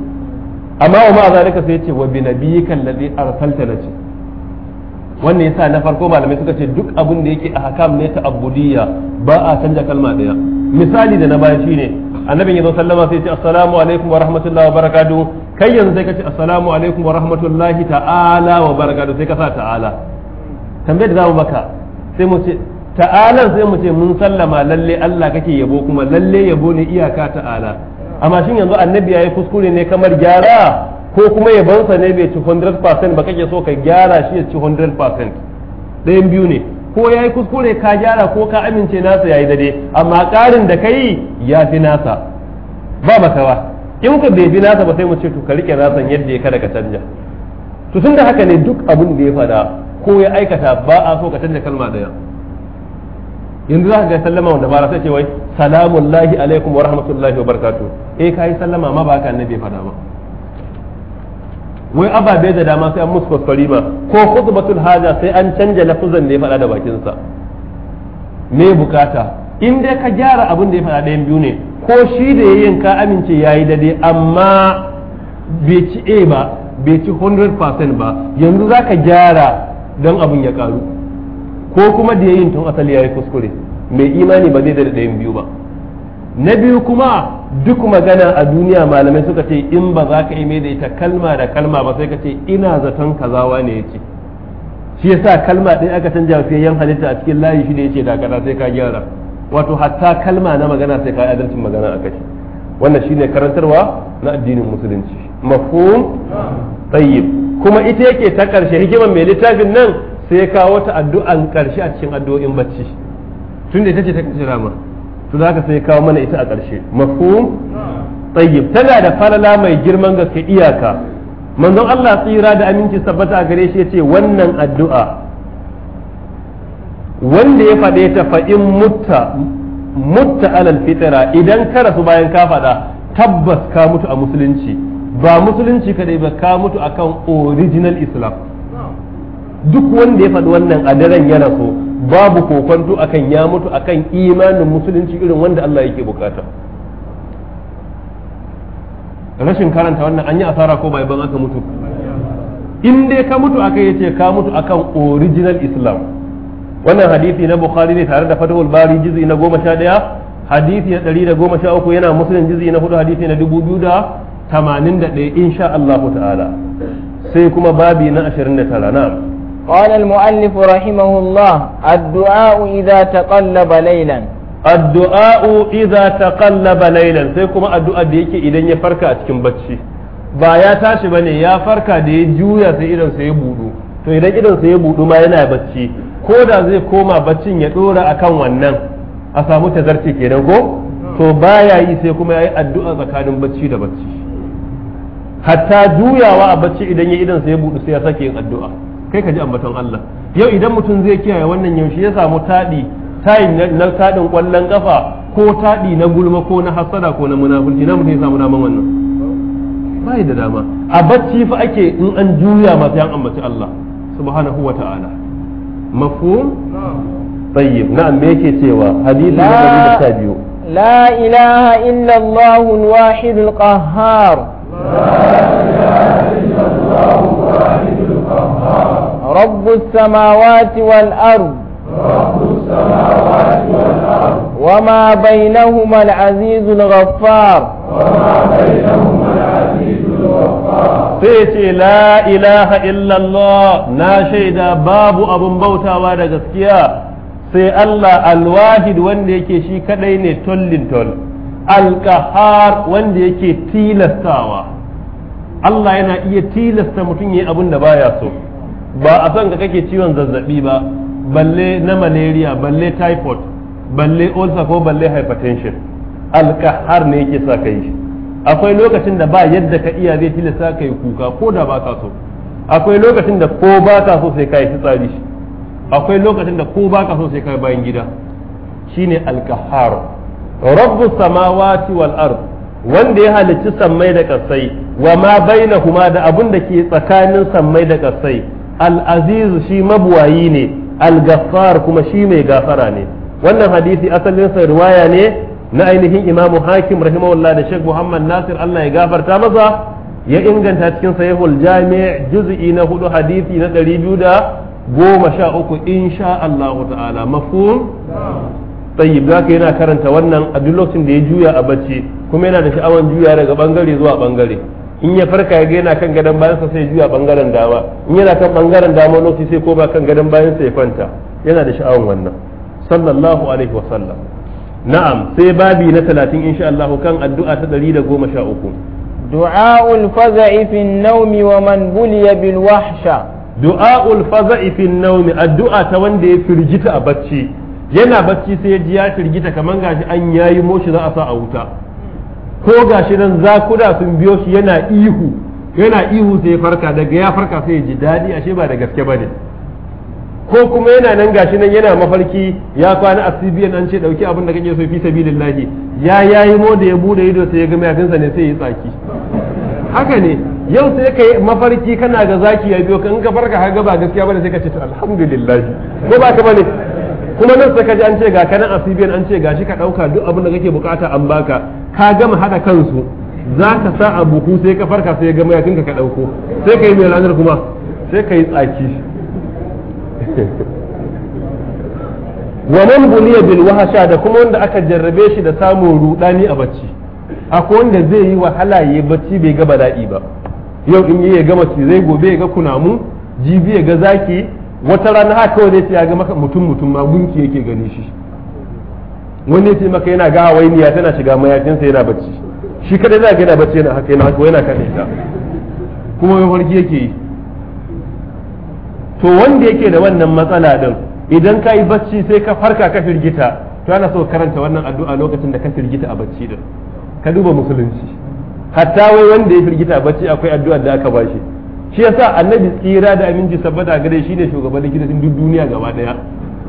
amma wa ma zalika sai ce wa bi nabika alladhi arsalta nace wannan yasa na farko malamai suka ce duk abin da yake a hakam ne ta abudiyya ba a canja kalma daya misali da na baya shine ya zo sallama sai ce assalamu alaikum wa rahmatullahi wa barakatuh kai yanzu sai ka ce assalamu alaikum wa rahmatullahi ta'ala wa barakatuh sai ka sa ta'ala tambayar da zamu baka sai mu ce Ta'ala sai mu ce mun sallama lalle Allah kake yabo kuma lalle yabo ne iyaka ta'ala amma shin yanzu annabi ya yi kuskure ne kamar gyara ko kuma yabonsa ne bai ci 100% ba kake so ka gyara shi ya ci 100% ɗayan biyu ne ko yayi kuskure ka gyara ko ka amince nasa yayi dade amma karin da kai ya fi nasa ba makawa in ka bai bi nasa ba sai mu ce to ka rike nasan yadda ya kada ka canja to tun haka ne duk abin da ya faɗa ko ya aikata ba a so ka canja kalma daya yanzu za ka ga sallama wanda ba sai ce wai salamun lahi alaikum wa rahmatullahi wa e eh kai sallama ma ba ka annabi faɗa ba wai ababe da dama sai an musu kwaskwari ba ko khutbatul haja sai an canja lafuzan da ya faɗa da bakinsa me bukata in dai ka gyara abin da ya faɗa ɗayan biyu ne ko shi da ya yin ka amince ya yi daidai amma bai ci A ba bai ci 100% ba yanzu za ka gyara don abin ya karu ko kuma da ya yin tun asali ya yi kuskure mai imani ba zai da ɗayan biyu ba na biyu kuma duk magana a duniya malamai suka ce in ba za ka yi mai da ita kalma da kalma ba sai ka ce ina zaton kazawa ne ya ce shi yasa kalma ɗin aka canja fiye yan halitta a cikin layi shi da ya ce da kaza sai ka gyara wato hatta kalma na magana sai ka yi adalcin magana a kai wannan shine karantarwa na addinin musulunci mafhum tayyib kuma ita yake ta karshe hikimar mai littafin nan sai kawo ta addu'an karshe a cikin addu'o'in bacci tunda ita ce ta karshe rama to zaka sai kawo mana ita a karshe mafhum tayyib tana da falala mai girman gaske iyaka manzon Allah tsira da aminci sabbata a gare shi yace wannan addu'a wanda ya faɗe ta fa'in mutta mutta alal fitara idan ka rasu bayan ka faɗa tabbas ka mutu a musulunci ba musulunci kadai ba ka mutu akan original islam duk wanda ya faɗi wannan a daren ya rasu babu kokonto akan ya mutu akan imanin musulunci irin wanda Allah yake bukata rashin karanta wannan an yi asara ko bai ban aka mutu in dai ka mutu aka yace ka mutu akan original islam wannan hadisi na bukhari ne tare da fatahul bari jizi na goma sha ɗaya hadisi na ɗari da goma sha uku yana muslim jizi na hudu hadisi na dubu biyu da tamanin da ɗaya insha Allah ta'ala sai kuma babi na ashirin da tara na'am قال المؤلف رحمه الله الدعاء إذا تقلب ليلا الدعاء إذا تقلب ليلا سيكم الدعاء ديك إذن يفرك أتكم بتشي بايا تاشي بني يا فرك دي جويا سيئدن سيبودو to idan idan sai ya budu ma yana bacci ko da zai koma baccin ya dora kan wannan a samu tazarci ke ko to baya yi sai kuma ya yi addu'a tsakanin bacci da bacci hatta juyawa a bacci idan ya idan sai ya budu sai ya sake yin addu'a kai ka ji ambaton Allah yau idan mutum zai kiyaye wannan yaushe ya samu taɗi tayin na taɗin ƙwallon ƙafa ko taɗi na gulma ko na hasada ko na munafurci na mutum ya samu daman wannan bai da dama a bacci fa ake in an juya masu yan ambaci Allah subhanahu wa ta'ala مفهوم نعم. طيب نعم ما yake حديث hadisi لا إله إلا الله الواحد القهار لا إله إلا الله الواحد القهار رب السماوات والأرض رب السماوات والأرض وما بينهما العزيز الغفار وما بينهما العزيز sai ce la ilaha illallah na shaida babu abun bautawa da gaskiya sai Allah alwahid wanda yake shi kadai ne tollin toll alkahar wanda yake tilastawa Allah yana iya tilasta mutum yi abun da baya so ba a son ka kake ciwon zazzabi ba balle na malaria balle typhoid balle ulcer ko balle hypertension alkahar ne yake sa ka yi akwai lokacin da ba yadda ka iya zai tilasta ka yi kuka ko da ba ka so akwai lokacin da ko ba ka so sai ka yi fitsari akwai lokacin da ko ba ka so sai ka yi bayan gida shine alkahar rabbu samawati wal ard wanda ya halicci sammai da kasai wa ma kuma da abun da ke tsakanin sammai da kasai al-aziz shi mabuwayi ne al kuma shi mai gafara ne wannan hadisi asalin sa riwaya ne na ainihin imamu hakim rahimahullah da sheikh muhammad nasir allah ya gafarta masa ya inganta cikin sahihul jami' juz'i na hudu hadisi na ɗari biyu da goma sha uku insha allahu ta'ala mafhum tayyib za ka yana karanta wannan a duk lokacin da ya juya a bacci kuma yana da sha'awan juya daga bangare zuwa bangare in ya farka ya ga yana kan gadon bayansa sai juya bangaren dama in yana kan bangaren dama lokaci sai ko ba kan gadon bayansa ya kwanta yana da sha'awan wannan sallallahu alaihi wa sallam na'am sai babi na talatin insha Allah kan addu'a ta 113 du'aul faza'i ifin naumi wa man buliya bil wahsha du'aul faza'i naumi addu'a ta wanda ya firgita a bacci yana bacci sai ya ji ya firgita kaman gashi an yi moshi za a sa a wuta ko gashi nan zakuda sun biyo shi yana ihu yana ihu sai ya farka daga ya farka sai ya ji dadi ashe ba da gaske bane ko kuma yana nan gashi nan yana mafarki ya kwana a CBN an ce dauki abin da kake so fi sabilillahi ya yayi mo da ya bude ido sai ya ga mayakinsa ne sai ya tsaki haka ne yau sai kai mafarki kana ga zaki ya biyo ka in ka farka ka gaba ba gaskiya bane sai ka ce alhamdulillah ko ba ka bane kuma nan sai ka ji an ce ga kana a CBN an ce gashi ka dauka duk abin da kake bukata an baka ka gama hada kansu za ka sa a buhu sai ka farka sai ya ga ka dauko sai ka mai ranar kuma sai ka tsaki <laughs> man buliya bil wahasha da kuma wanda aka jarrabe shi da samun rudani a bacci akwai wanda zai yi wahala yayi bacci bai ga bala'i ba yau in yi ya ga mace zai gobe ya ga kunamu jibi ya ga zaki wata rana haka wani ya ga maka mutum mutum ma gunki yake gani shi wani ya maka yana ga hawainiya tana shiga mayafinsa yana bacci shi kada zai ga yana bacci yana haka yana haka yana kaɗai ta kuma mafarki yake yi to wanda yake da wannan matsala din idan ka yi bacci sai ka farka ka firgita to ana so karanta wannan addu'a lokacin da ka firgita a bacci din ka duba musulunci hatta wai wanda ya firgita a bacci akwai addu'ar da aka bashi shi yasa annabi tsira da aminci sabbata gare shi ne shugaban likitocin duk duniya gaba daya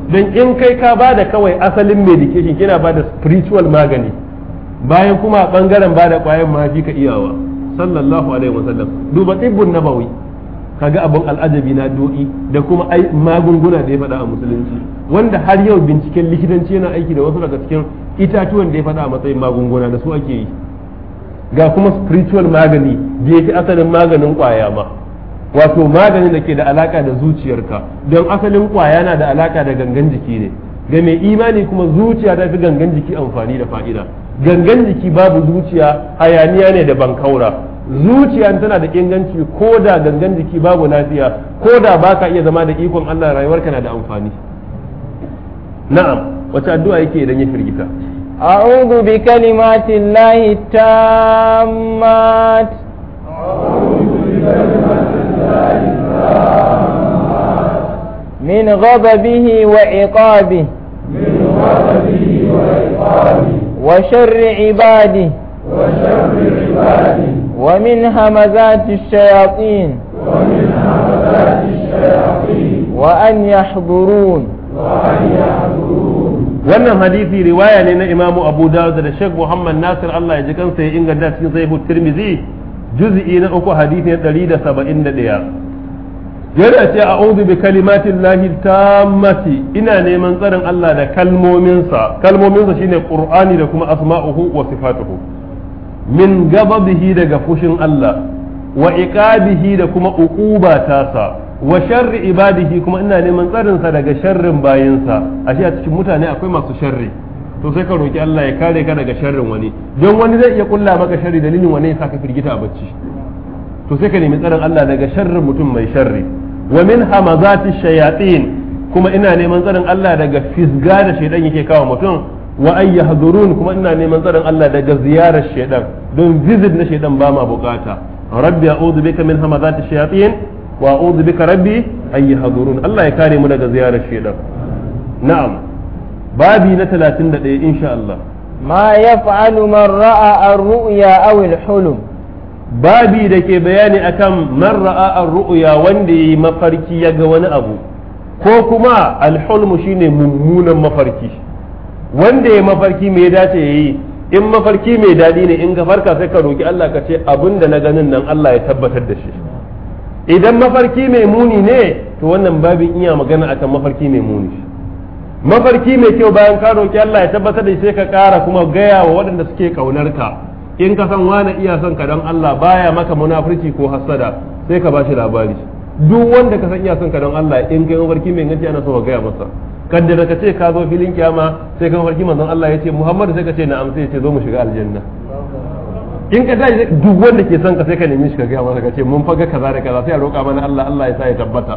dan in kai ka ba da kawai asalin medication kina ba da spiritual magani bayan kuma a bangaren bada da kwayan ma fi ka iyawa sallallahu alaihi wasallam duba tibbun nabawi kaga abin al'ajabi na do'i da kuma magunguna da ya faɗa a musulunci wanda har yau binciken likitanci yana aiki da wasu daga cikin itatuwan da ya faɗa a matsayin magunguna da su ake yi ga kuma spiritual magani da ya fi asalin maganin ƙwaya ma wato maganin da ke da alaka da zuciyarka don asalin ƙwaya na da alaka da gangan jiki ne ga mai imani kuma zuciya ta fi gangan jiki amfani da fa'ida gangan jiki babu zuciya hayaniya ne da bankaura zuciya tana da inganci ko da gangan jiki babu lafiya ko da baka iya zama da ikon Allah rayuwar ka na da amfani na'am wace addu'a yake idan ya firgita a'udhu bi kalimati llahi tammat wa ghadabihi wa iqabi وشر عباده وشر ومن همزات الشياطين ومن همزات الشياطين وأن يحضرون وأن يحضرون wannan hadisi riwaya ne na imamu abu dawud da sheikh muhammad nasir allah ya ji kansa ya inganta cikin sahihu tirmizi juz'i na uku hadisi na 171 yana ce a'udhu bi kalimatin lahi tammati ina neman tsarin allah da kalmominsa kalmominsa shine qur'ani da kuma asma'uhu wa sifatuhu min gababihi daga fushin Allah wa iqabihi da kuma uquba sa wa sharri ibadihi kuma ina neman tsarin sa daga sharrin bayinsa ashe a cikin mutane akwai masu sharri to sai ka roki Allah ya kare ka daga sharrin wani don wani zai iya kulla maka sharri dalilin wani ya saka firgita a bacci to sai ka nemi tsarin Allah daga sharrin mutum mai sharri wa min hamazati shayatin kuma ina neman tsarin Allah daga fisga da shaidan yake kawo mutum wa ay kuma ina neman tsaron Allah daga ziyarar shaidan don visit na shaidan ba ma bukata rabbi a'udhu bika min hamazati shayatin wa a'udhu bika rabbi ay Allah ya kare mu daga ziyarar shaidan na'am babi na 31 insha Allah ma yaf'alu man ra'a ar-ru'ya aw al-hulm babi da ke bayani akan man ra'a ru'ya wanda yayi mafarki ya ga wani abu ko kuma alhulmu shine mummunan mafarki wanda ya mafarki me ya dace ya yi in mafarki mai daɗi ne in ka sai ka roƙi Allah ka ce abin da na ganin nan Allah ya tabbatar da shi idan mafarki mai muni ne to wannan babin iya magana akan mafarki mai muni mafarki mai kyau bayan ka roƙi Allah ya tabbatar da shi sai ka ƙara kuma gaya wa waɗanda suke ƙaunar ka in ka san wani iya son ka don Allah baya maka munafurci ko hassada sai ka bashi labari duk wanda ka san iya son ka don Allah in kai mafarki mai ganci ana so ka gaya masa da ka ce ka zo filin kiyama sai ka farki manzon Allah ya ce Muhammadu sai ka ce na'am sai ya ce zo mu shiga aljanna in ka tashi duk wanda ke son ka sai ka nemi shi ka ga masa ka ce mun faga kaza da kaza sai a roƙa mana Allah Allah ya sa ya tabbata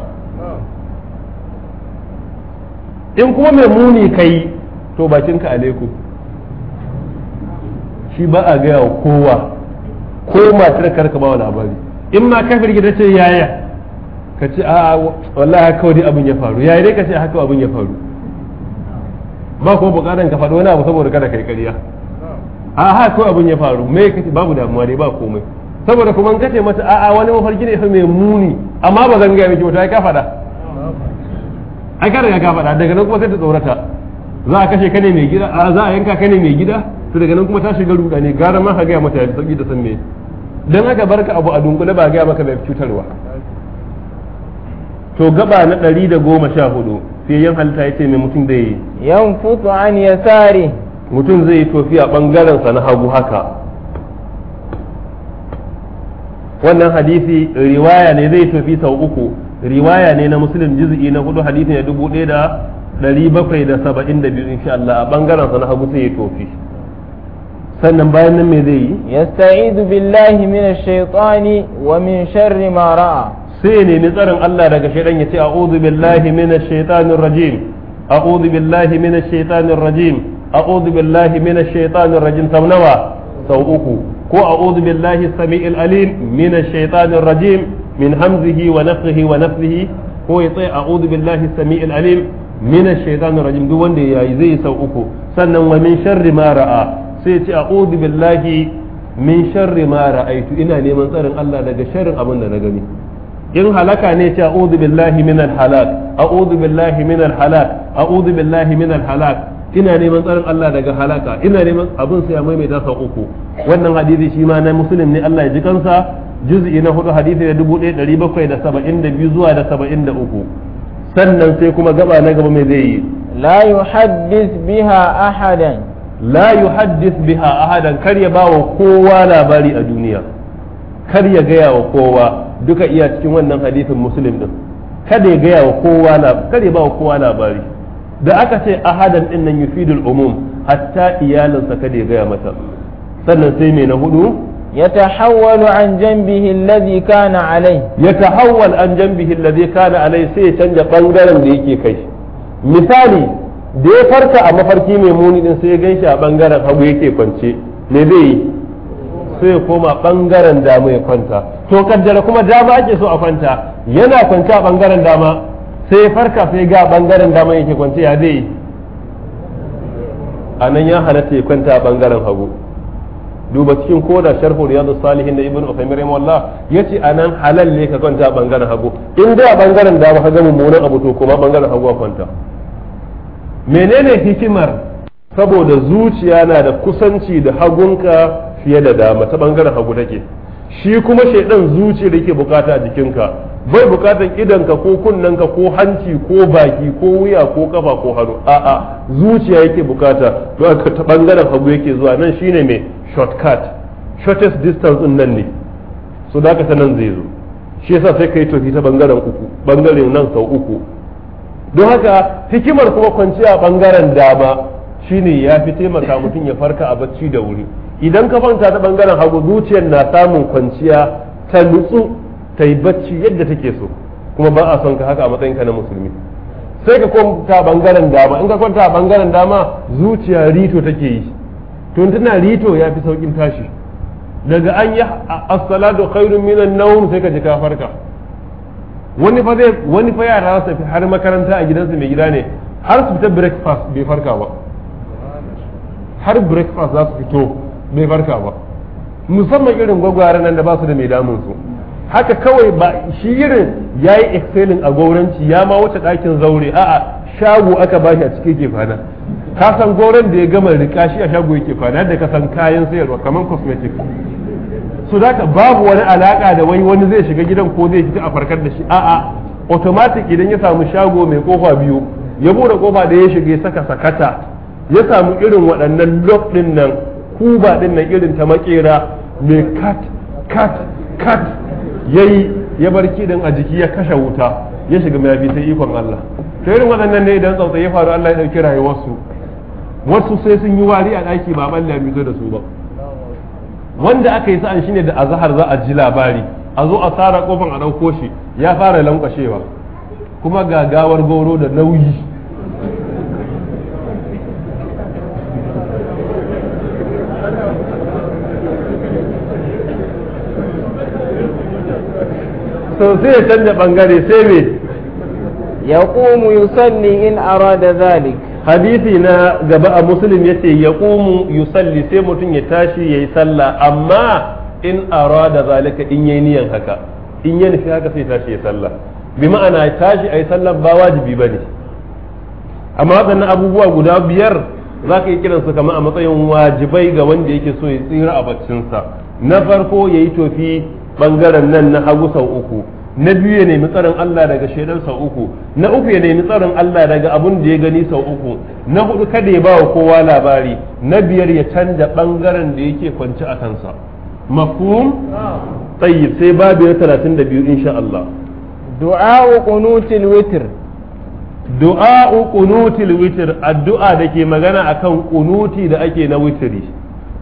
in kuma mai muni kai to bakin ka aleku shi ba a gaya kowa ko matar karka ba wa labari in ma kafir gida ce yaya ka ce a wallahi kawai dai abin ya faru yayi dai ka ce haka abin ya faru ba kuma bukatan ka faɗo wani abu saboda kada kai ƙarya a ha kawai abin ya faru me kace babu damuwa dai ba komai saboda kuma in kace mata a'a wani mafarki ne fa mai muni amma ba zan ga miki mutai ka faɗa ai ka riga ka faɗa daga nan kuma sai ta tsorata za a kashe kane mai gida za a yanka kane mai gida to daga nan kuma ta shiga ruda ne gara ma ka ga mata ya sauki da san me dan haka barka abu a dunkule ba ga maka mai cutarwa to gaba na ɗari da goma sha hudu sai yan halitta ya ce mai mutum da yi yan futu an ya tsari mutum zai yi tofi a ɓangarensa na hagu haka wannan hadisi riwaya ne zai tofi sau uku riwaya ne na musulun juz'i na hudu hadisi ne dubu ɗaya da ɗari bakwai da saba'in da biyu insha Allah a ɓangarensa na hagu sai ya tofi sannan bayan nan me zai yi yasta'idu billahi minash shaitani wa min sharri ma ra'a sai ya nemi tsarin Allah daga shaidan ya ce a'udhu billahi mina shaitanin rajim a'udhu billahi mina shaitanin rajim a'udhu billahi mina shaitanin rajim sau nawa sau uku ko a'udhu billahi samiil alim mina shaitanin rajim min hamzihi wa nafthihi wa nafthihi ko ya tsaya a'udhu billahi samiil alim mina shaitanin rajim duk wanda ya yi zai sau uku sannan wa min sharri ma ra'a sai ya ce a'udhu billahi min sharri ma ra'aitu ina neman tsarin Allah daga sharrin abin da na gani in halaka ne ce a'udhu billahi minal halak a'udhu billahi minal halak a'udhu billahi minal halak ina neman tsarin Allah daga halaka ina neman abin sai mai mai dasa uku wannan hadisi shi ma na muslim ne Allah ya ji kansa juz'i na hudu hadisi da biyu zuwa da uku. sannan sai kuma gaba na gaba mai zai yi la yuhaddis biha ahadan la yuhaddith biha ahadan kar ya bawa kowa labari a duniya kar ya gaya wa kowa duka iya cikin wannan hadisin muslim din kada ya gaya wa kowa na kada ya ba wa kowa labari da aka ce ahadan din nan yufidul umum hatta iyalinsa kada ya gaya mata sannan sai mai na hudu يتحول عن جنبه الذي كان عليه يتحول عن جنبه الذي kana alai sai canja bangaren da yake kai misali da ya farka a mafarki mai muni din sai ya ganshi a bangaren hagu yake kwance me zai yi so ya koma bangaren dama ya kwanta to kaddara kuma dama ake so a kwanta yana kwanta bangaren dama sai farka sai ga bangaren dama yake kwanta ya dai a nan ya halatta ya kwanta a bangaren hagu duba cikin koda sharhu riyadu salihin da ibnu ufaymir rahimahullah yace anan halal ne ka kwanta a bangaren hagu in da bangaren dama ka ga mummunan abu to kuma bangaren hagu a kwanta menene hikimar saboda zuciya na da kusanci da hagunka fiye da dama ta bangaren hagu take shi kuma shaidan zuci da yake bukata a jikinka bai bukatan idanka ko kunnanka ko hanci ko baki ko wuya ko kafa ko hannu a'a zuciya yake bukata to aka ta bangaren hagu yake zuwa nan shine mai shortcut shortest distance din nan ne so da ka nan zai zo shi yasa sai kai tofi ta bangaren uku bangaren nan sau uku don haka hikimar kuma kwanciya bangaren dama shine ya fi taimaka mutum ya farka a bacci da wuri idan ka kwanta ta bangaren hagu zuciyar na samun kwanciya ta nutsu ta yi bacci yadda take so kuma ba a son ka haka a matsayin ka na musulmi sai ka kwanta bangaren dama in ka kwanta bangaren dama zuciya rito take yi to tana rito ya fi saukin tashi daga an yi as minan nawm sai ka ji ka farka wani fa zai wani fa yara su fi har makaranta a gidansu mai gida ne har su fita breakfast bai farka ba har breakfast za su fito bai farka ba musamman irin gwagware nan da ba su da mai damun su haka kawai ba shi irin ya yi excelling a gauranci ya ma wuce ɗakin zaure a'a shago aka ba shi a cikin ke fana ka san gauran da ya gama rika shi a shago yake fana da ka san kayan sayarwa kamar cosmetic su ka babu wani alaka da wai wani zai shiga gidan ko zai fita a farkar da shi a'a otomatik idan ya samu shago mai kofa biyu ya bude kofa da ya shiga ya saka sakata ya samu irin waɗannan lock din nan kuba din nan irin ta makera mai kat kat kat yayi ya bar kidan a jiki ya kashe wuta ya shiga mayafi sai ikon Allah to irin waɗannan ne idan tsautsayi ya faru Allah ya ɗauki rayuwarsu wasu sai sun yi wari a daki ba Allah ya zo da su ba wanda aka yi sa'an shine da azahar za a ji labari a zo a tsara kofan a ɗauko shi ya fara lankwashewa kuma ga gawar goro da nauyi sai ya canza bangare sai me ya yaqumu yusalli in arada zalik hadisi na gaba a muslim yace ya yaqumu yusalli sai mutum ya tashi yayi sallah amma in arada zalika in yayi niyan haka in yayi nufi haka sai tashi ya sallah bi ma'ana tashi ayi sallah ba wajibi bane amma waɗannan abubuwa guda biyar za ka yi kiransu kamar a matsayin wajibai ga wanda yake so ya tsira a baccinsa na farko ya yi tofi bangaren nan na hagu sau uku na biyu ya nemi tsarin Allah daga shaidar sau uku na uku ya nemi tsarin Allah daga abun da ya gani sau uku na hudu kada ya ba wa kowa labari na biyar ya canja bangaren da yake kwanci a kansa mafhum tayyib sai babu ya 32 insha Allah du'a'u qunutil witr du'a'u qunutil witr addu'a da ke magana akan kunuti da ake na witri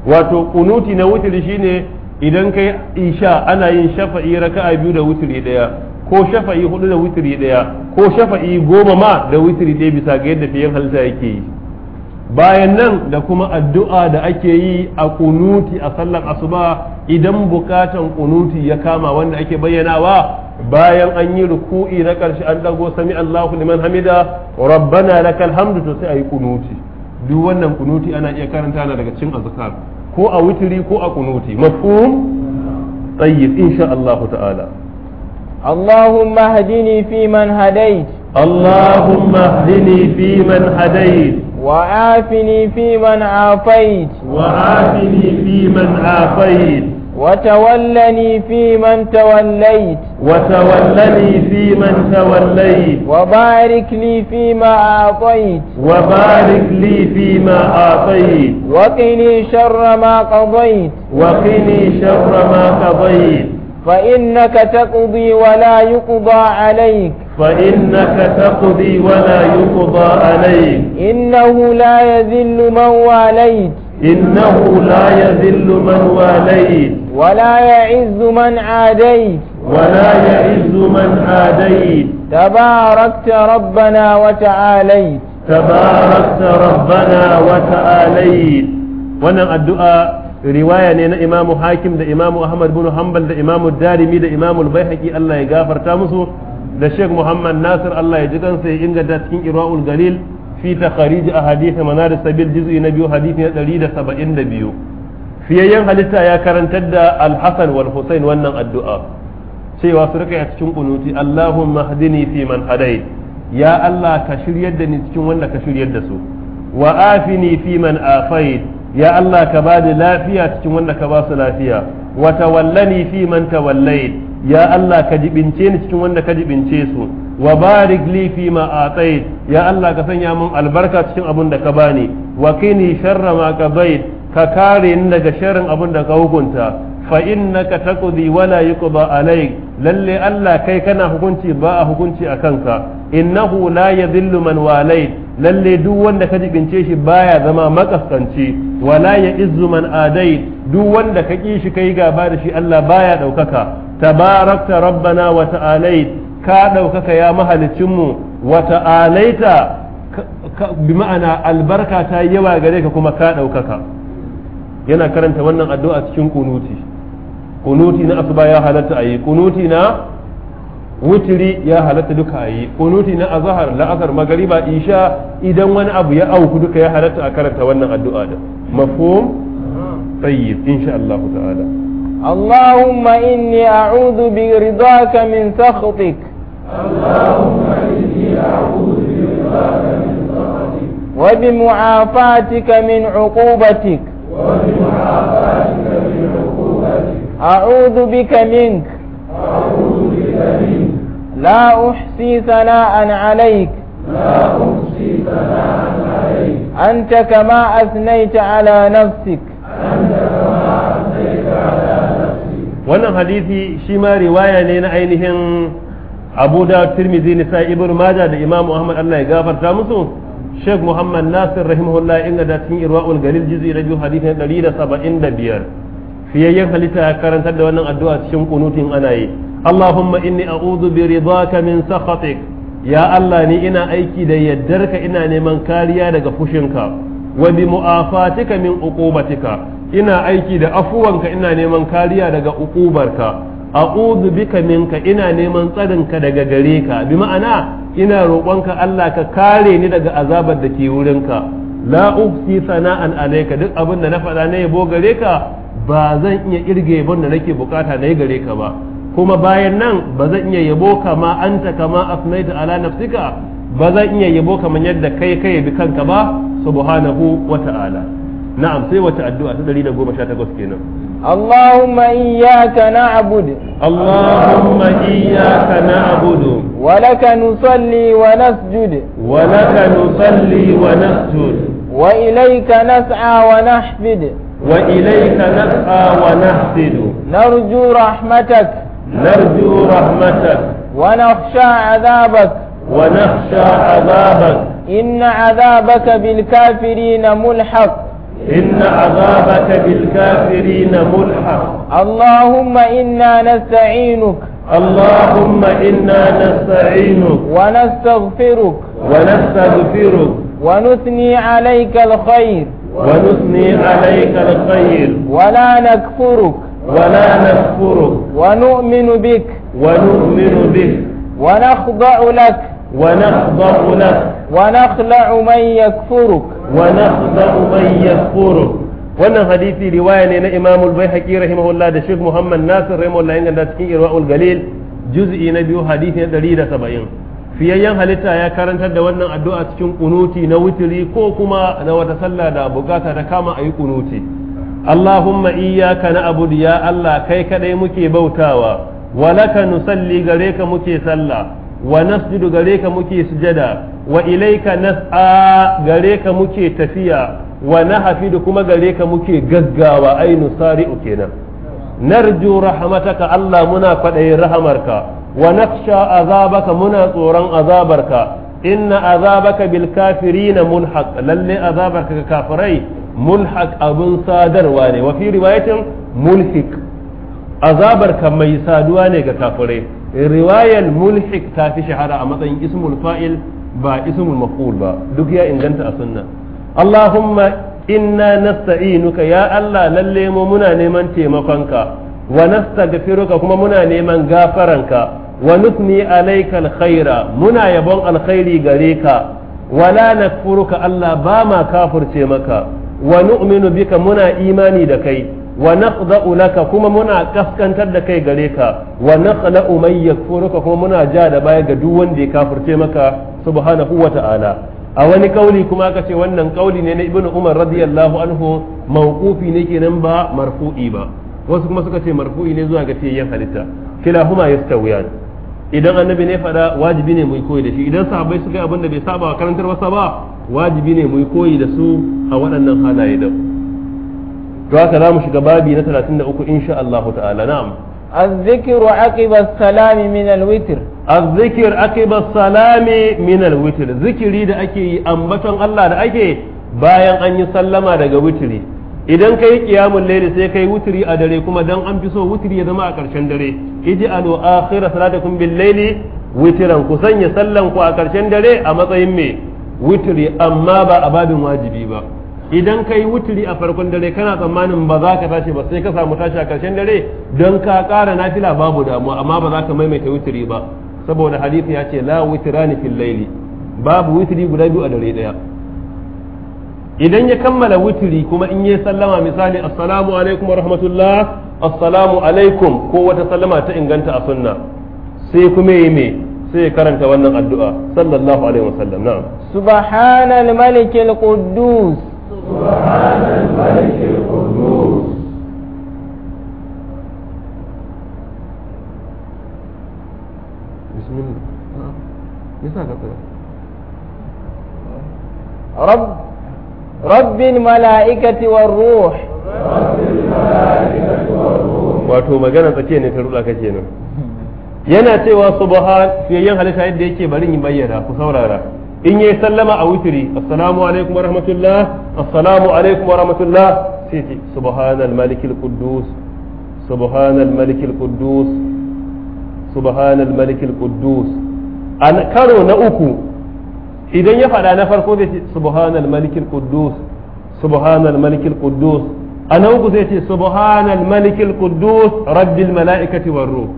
wato kunuti na witri shine idan kai isha ana yin shafa'i raka'a biyu da wuturi daya ko shafa'i hudu da wuturi daya ko shafa'i goma ma da wuturi daya bisa ga yadda fiye halitta yake yi bayan nan da kuma addu'a da ake yi a kunuti a sallar asuba idan bukatan kunuti ya kama wanda ake bayyanawa bayan an yi ruku'i na karshe an dago sami Allahu liman hamida rabbana lakal hamdu to sai ayi kunuti duk wannan kunuti ana iya karanta na daga cikin azkar ko a witiri ko a kunuti mafhum tayyib insha Allah ta'ala Allahumma hadini fi man hadayt Allahumma hadini fi man hadayt wa'afini fi man afayt wa'afini fi man afayt وتولني فيمن توليت وتولني فيمن توليت وبارك لي فيما أعطيت وبارك لي فيما أعطيت وقني شر ما قضيت وقني شر ما قضيت فإنك تقضي ولا يقضى عليك فإنك تقضي ولا يقضى عليك إنه لا يذل من واليت إنه لا يذل من واليت ولا يعز من عاديت ولا يعز من عاديت تباركت ربنا وتعاليت تباركت ربنا وتعاليت wannan addu'a riwaya ne na imamu hakim da imamu ahmad bin da imamu darimi da imamu albayhaqi Allah ya gafarta musu da sheikh muhammad nasir Allah ya ji kansa ya inganta cikin irwaul galil a takharij mana da sabil juz'i na biyu hadisi na 172 fiyayyen halitta ya karantar da alhasan hasan wal husain wannan addu'a cewa su rika cikin kunuti allahumma hdini fi man hadait ya allah ka shiryar da ni cikin wanda ka shiryar da su wa afini fi man ya allah ka bani lafiya cikin wanda ka ya Allah ka jibince ni cikin wanda ka jibince su wa barik li fi ma atait ya Allah ka sanya min albarka cikin abin da ka bani wa kini sharra ma qadait ka kare ni daga sharrin abin da ka hukunta fa innaka taqdi wa la yuqda alayk lalle Allah kai kana hukunci ba a hukunci a kanka innahu la yadhillu man walait lalle duk wanda ka jibince shi baya zama makaskanci wala ya izzu man adai duk wanda ka ƙi shi kai gaba da shi Allah baya ɗaukaka tabarakta rabbana wa ta'alait ka ɗaukaka ya mahalicinmu wa ta'alaita bi ma'ana albarka ta yawa gare ka kuma ka ɗaukaka yana karanta wannan addu'a cikin kunuti kunuti na asuba ya halatta a yi kunuti na wutiri ya halatta duka a yi kunuti na azahar la'asar magariba isha idan wani abu ya auku duka ya halatta a karanta wannan addu'a da mafhum tayyib insha Allah ta'ala اللهم إني أعوذ برضاك من سخطك اللهم إني أعوذ برضاك من سخطك وبمعافاتك من عقوبتك وبمعافاتك من عقوبتك أعوذ بك منك أعوذ بك منك لا أحصي ثناء عليك لا أحصي ثناء عليك أنت كما أثنيت على نفسك أنت كما أثنيت على نفسك wannan hadisi shi ma riwaya ne na ainihin abu da tirmizi nisa ibn maja da imam muhammad allah ya gafarta musu sheikh muhammad nasir rahimahullah ya inganta cikin irwa'ul galil jizi na biyu hadisin ɗari da saba'in da biyar fiyayyen halitta ya karantar da wannan addu'a cikin kunutin ana yi allahumma inni a'udhu bi ridaka min sakhatik ya allah ni ina aiki da yaddarka ina neman kariya daga fushinka wa bi mu'afatika min uqubatika ina aiki da afuwanka ina neman kariya daga uqubarka a'udhu bika minka ina neman tsarinka daga gare ka bi ma'ana ina roƙonka Allah ka kare ni daga azabar da ke wurin la uhsi sana'an alayka duk abin da na faɗa na yabo gare ka ba zan iya irge yabon da nake bukata na yi gare ka ba kuma bayan nan ba zan iya yabo kama anta kama asnaita ala nafsika ba zan iya yabo kamar yadda kai kai yabi kanka ba subhanahu wa ta'ala na'am sai wata addu'a ta 118 kenan اللهم إياك نعبد اللهم إياك نعبد ولك نصلي ونسجد ولك نصلي ونسجد وإليك نسعى ونحفد وإليك نسعى ونحفد نرجو رحمتك نرجو رحمتك ونخشى عذابك ونخشى عذابك إن عذابك بالكافرين ملحق إن عذابك بالكافرين ملحق اللهم إنا نستعينك اللهم إنا نستعينك ونستغفرك ونستغفرك ونثني عليك الخير ونثني عليك الخير ولا نكفرك ولا نكفرك ونؤمن بك ونؤمن بك ونخضع لك ونخضع له ونخلع من يكفرك ونخضع من يكفرك wannan hadisi riwaya ne na Imam al-Baihaqi rahimahullah da Sheikh Muhammad Nasir rahimahullah inda da cikin Irwaul Galil juz'i na biyu hadisi na 170 fiyayyen halitta ya karantar da wannan addu'a cikin kunuti na witiri ko kuma na wata sallah da bukata ta kama ayi kunuti Allahumma iyyaka na'budu ya Allah kai kadai muke bautawa walaka nusalli gare ka muke sallah wa nasjudu gare ka muke sujada wa ilaika nas'a gare ka muke tafiya wa nahfidu kuma gare ka muke gaggawa ainu sari'u kenan narju rahmataka Allah muna kwaɗayin rahamarka wa nakhsha azabaka muna tsoron azabarka inna azabaka bil kafirina mulhaq lalle azabarka ga kafirai mulhaq abun sadarwa ne wa fi riwayatin mulhiq azabar ka mai saduwa ne ga kafirai riwayar mulhik ta fi shahara a matsayin ismul fa'il ba ismul maf'ul ba duk ya inganta a sunna Allahumma inna nasta'inuka ya Allah lalle mu muna neman taimakonka wa nastaghfiruka kuma muna neman gafaranka wa nusni alayka alkhaira muna yabon alkhairi gare ka wala nakfuruka Allah ba ma kafirce maka wa nu'minu bika muna imani da kai wa naqda'u laka kuma muna kaskantar da kai gare ka wa naqla'u man yakfuruka kuma muna ja da baya ga duk wanda ya kafirce maka subhanahu wa ta'ala a wani kauli kuma aka ce wannan kauli ne na ibnu umar radiyallahu anhu mawqufi ne kenan ba marfu'i ba wasu kuma suka ce marfu'i ne zuwa ga fiyayyen halitta kilahuma yastawiyan idan annabi ne fada wajibi ne mu koyi da shi idan sahabbai suka yi abin da bai saba a karantar wasa ba wajibi ne muyi koyi da su a waɗannan halaye da to haka za mu shiga babi na 33 insha Allah ta'ala na'am الذكر عقب السلام من الوتر الذكر عقب السلام من الوتر ذكري da ake yi ambaton Allah da ake bayan an yi sallama daga wutiri idan kai qiyamul layli sai kai wutiri a dare kuma dan an fi so wutiri ya zama a karshen dare ij'alu akhira salatakum bil layli witran ku sanya sallan ku a karshen dare a matsayin mai wutiri amma ba a babin wajibi ba idan ka yi wuturi a farkon dare kana tsammanin ba za ka tashi ba sai ka samu tashi a karshen dare don ka ƙara nafila babu damuwa amma ba za ka maimaita wuturi ba saboda hadisi ya ce la witrani fil laili babu wuturi guda biyu a dare daya idan ya kammala wuturi kuma in yi sallama misali assalamu alaikum wa rahmatullah assalamu alaikum ko wata sallama ta inganta a sunna sai kuma yi me sai karanta wannan addu'a sallallahu alaihi wasallam na'am subhanal malikil quddus rabbin الملك القدوس بسم wato magana tsakiya ne ta rula kenan yana cewa su ba ha fiye yin halitta yadda yake bari yi bayyana ku saurara in yi sallama a witiri assalamu alaikum wa rahmatullah assalamu alaikum wa rahmatullah sai ce subhanal quddus subhanal quddus subhanal quddus karo na uku idan ya faɗa na farko zai ce subhanal malikil quddus subhanal quddus uku zai ce subhanal malikil quddus rabbil malaikati war ruh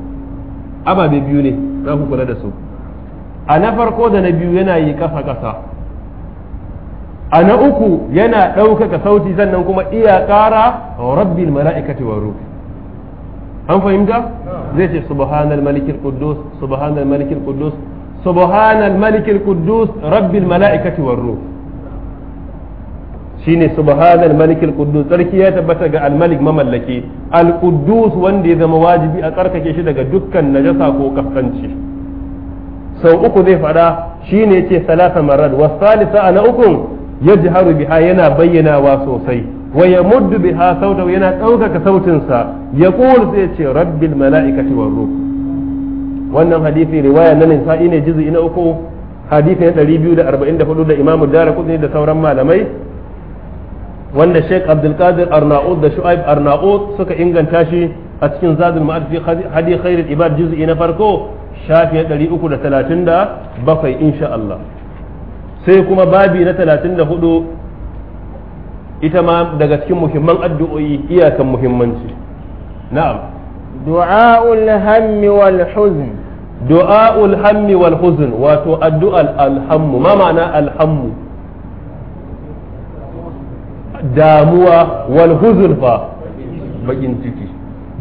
ababe biyu ne za ku kula da su a na farko da na biyu yana yi ƙasa ƙasa a na uku yana ɗaukaka sauti sannan kuma iya ƙara rabbin mala'ikati wa ruhi an fahimta zai ce subhanal malikin kudus subhanal malikin kudus subhanal malikin kudus rabbin mala'ikati war ruh shine subhanal malikin kudus sarki ya tabbata ga almalik mamallaki al wanda ya zama wajibi a tsarkake shi daga dukkan najasa ko kaskanci sau uku zai faɗa ne ce salasa marar wasu salisa a na uku haru biha yana bayyanawa sosai wa muddu biha sautau yana ɗaukaka sautinsa ya yaqul sai ce rabbil mala'ikati war ruh wannan hadisi riwaya na nisa'i ne juz'i na uku hadisi na 244 da imamu darakutni da sauran malamai wanda Sheikh Abdul Qadir Arnaud da Shu'aib Arnaud suka inganta shi a cikin Zadul Ma'ad fi hadith Khairul Ibad juz'i na farko shafi ya ɗari uku da talatin da bakwai insha Allah sai kuma babi na talatin da hudu ita ma daga cikin muhimman addu'o'i iyakan muhimmanci na'am du'a'ul hammi wal huzn du'a'ul hammi wal huzn wato addu'al alhammu ma ma'ana alhammu damuwa wal huzn fa bakin ciki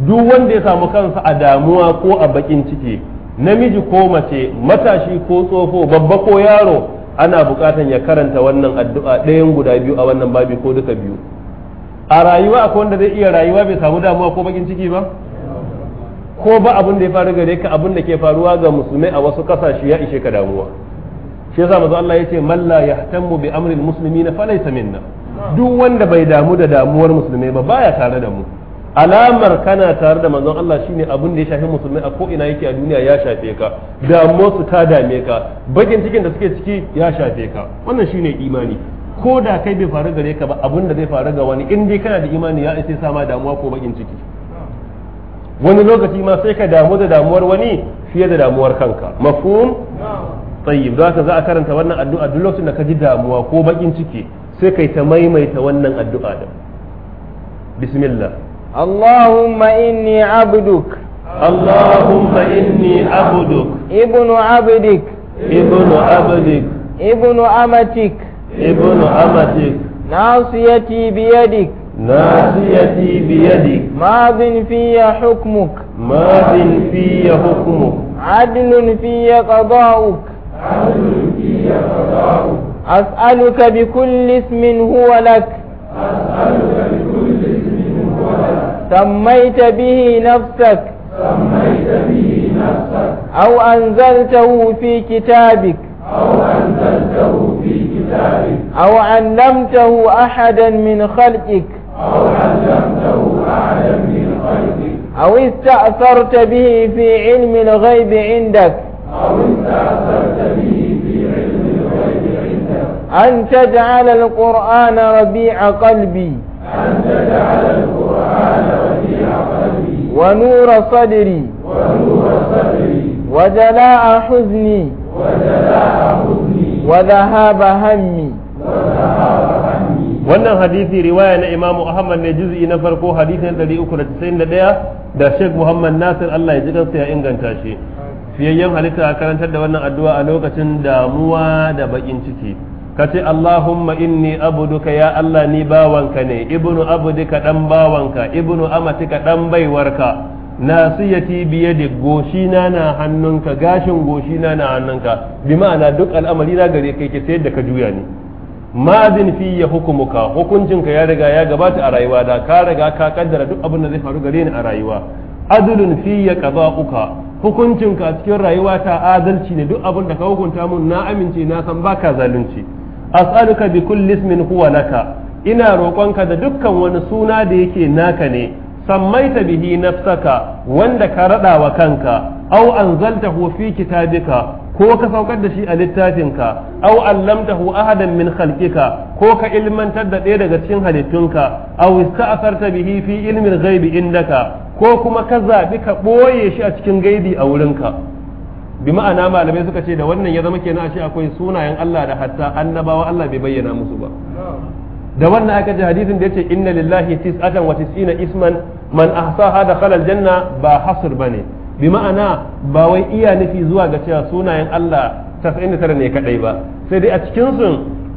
duk wanda ya samu kansa a damuwa ko a bakin ciki namiji ko mace matashi ko tsofo babba ko yaro ana bukatan ya karanta wannan addu'a ɗayan guda biyu a wannan babi ko duka biyu a rayuwa akwai wanda zai iya rayuwa bai samu damuwa ko bakin ciki ba ko ba abin da ya faru gare ka abin da ke faruwa ga musulmai a wasu kasashe ya ishe ka damuwa shi yasa manzo Allah yace man la yahtammu bi amri almuslimina falaysa minna duk wanda bai damu da damuwar musulmai ba baya tare da mu alamar kana tare da manzon Allah shine abin da ya shafi musulmi a ko ina yake a duniya ya shafe ka da su ta dame ka bakin cikin da suke ciki ya shafe ka wannan shine imani ko da kai bai faru gare ka ba abun da zai faru ga wani in dai kana da imani ya isa sama damuwa ko bakin ciki wani lokaci ma sai ka damu da damuwar wani fiye da damuwar kanka mafhum tayyib don haka za a karanta wannan addu'a duk lokacin da ka ji damuwa ko bakin ciki sai kai ta maimaita wannan addu'a da bismillah اللهم إني عبدك اللهم إني عبدك ابن عبدك ابن عبدك ابن أمتك ابن أمتك ناصيتي بيدك ناصيتي بيدك ماض في حكمك ماض في حكمك عدل في قضاؤك عدل في قضاؤك أسألك بكل اسم هو لك أسألك بكل اسم سميت به نفسك سميت به نفسك أو أنزلته في كتابك أو أنزلته في كتابك أو علمته أحدا من خلقك أو علمته أحدا من خلقك أو استأثرت به في علم الغيب عندك أو استأثرت به في علم الغيب عندك أن تجعل القرآن ربيع قلبي أن تجعل القرآن ربيع قلبي ونور صدري ونور صدري وجلاء حزني وجلاء حزني وذهاب همي وذهاب همي wannan hadisi riwaya na imamu ahmad ne juz'i na farko hadisin 391 da sheikh muhammad nasir allah ya ji ya inganta shi fiyayyen halitta a karantar da wannan addu'a a lokacin damuwa da bakin ciki ka ce Allahumma inni abuduka ya Allah ni bawanka ne ibnu abudika dan bawanka ibnu amatika dan baiwarka nasiyati biyadik goshina na hannunka gashin goshina na hannunka bi ma'ana duk al'amari na gare kai ke sai da ka juya ni mazin fi ya hukumuka hukuncinka ya riga ya gabata a rayuwa da ka riga ka kaddara duk abin da zai faru gare ni a rayuwa adlun fi ya qada'uka hukuncinka a cikin rayuwa ta adalci ne duk abin da ka hukunta mun na amince na san baka zalunci as'aluka bi kulli ismin huwa laka ina roƙonka da dukkan wani suna da yake naka ne sammaita bihi nafsaka wanda ka rada wa kanka aw anzaltahu fi kitabika ko ka saukar da shi a littafinka aw allamtahu ahadan min khalqika ko ka ilmantar da ɗaya daga cikin halittunka aw ista'sarta bihi fi ilmin ghaibi indaka ko kuma ka zabi ka boye shi a cikin gaibi a wurinka bi ma'ana malamai suka ce da wannan ya zama kenan ashe akwai sunayen Allah da hatta annabawa Allah bai bayyana musu ba da wannan aka ji hadisin da yace inna lillahi tis'atan wa tis'ina isman man ahsaha dakhala aljanna ba hasr bane bi ma'ana ba wai iya nufi zuwa ga cewa sunayen Allah 99 ne kadai ba sai dai a cikin su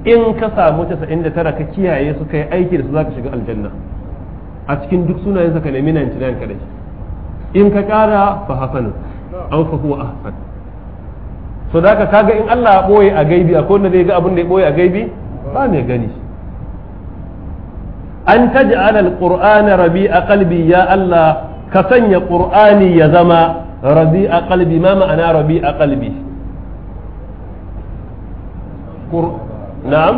in ka samu 99 ka kiyaye su kai aiki da su zaka shiga aljanna a cikin duk sunayen sa ka nemi 99 kadai in ka kara fa hasan aw fa huwa ahsan to da haka kaga in Allah ya boye a gaibi akwai wanda zai ga abin da ya boye a gaibi ba mai gani an taj'ala alqur'ana rabi'a qalbi ya Allah ka sanya qur'ani ya zama rabi'a qalbi ma ma'ana rabi'a qalbi na'am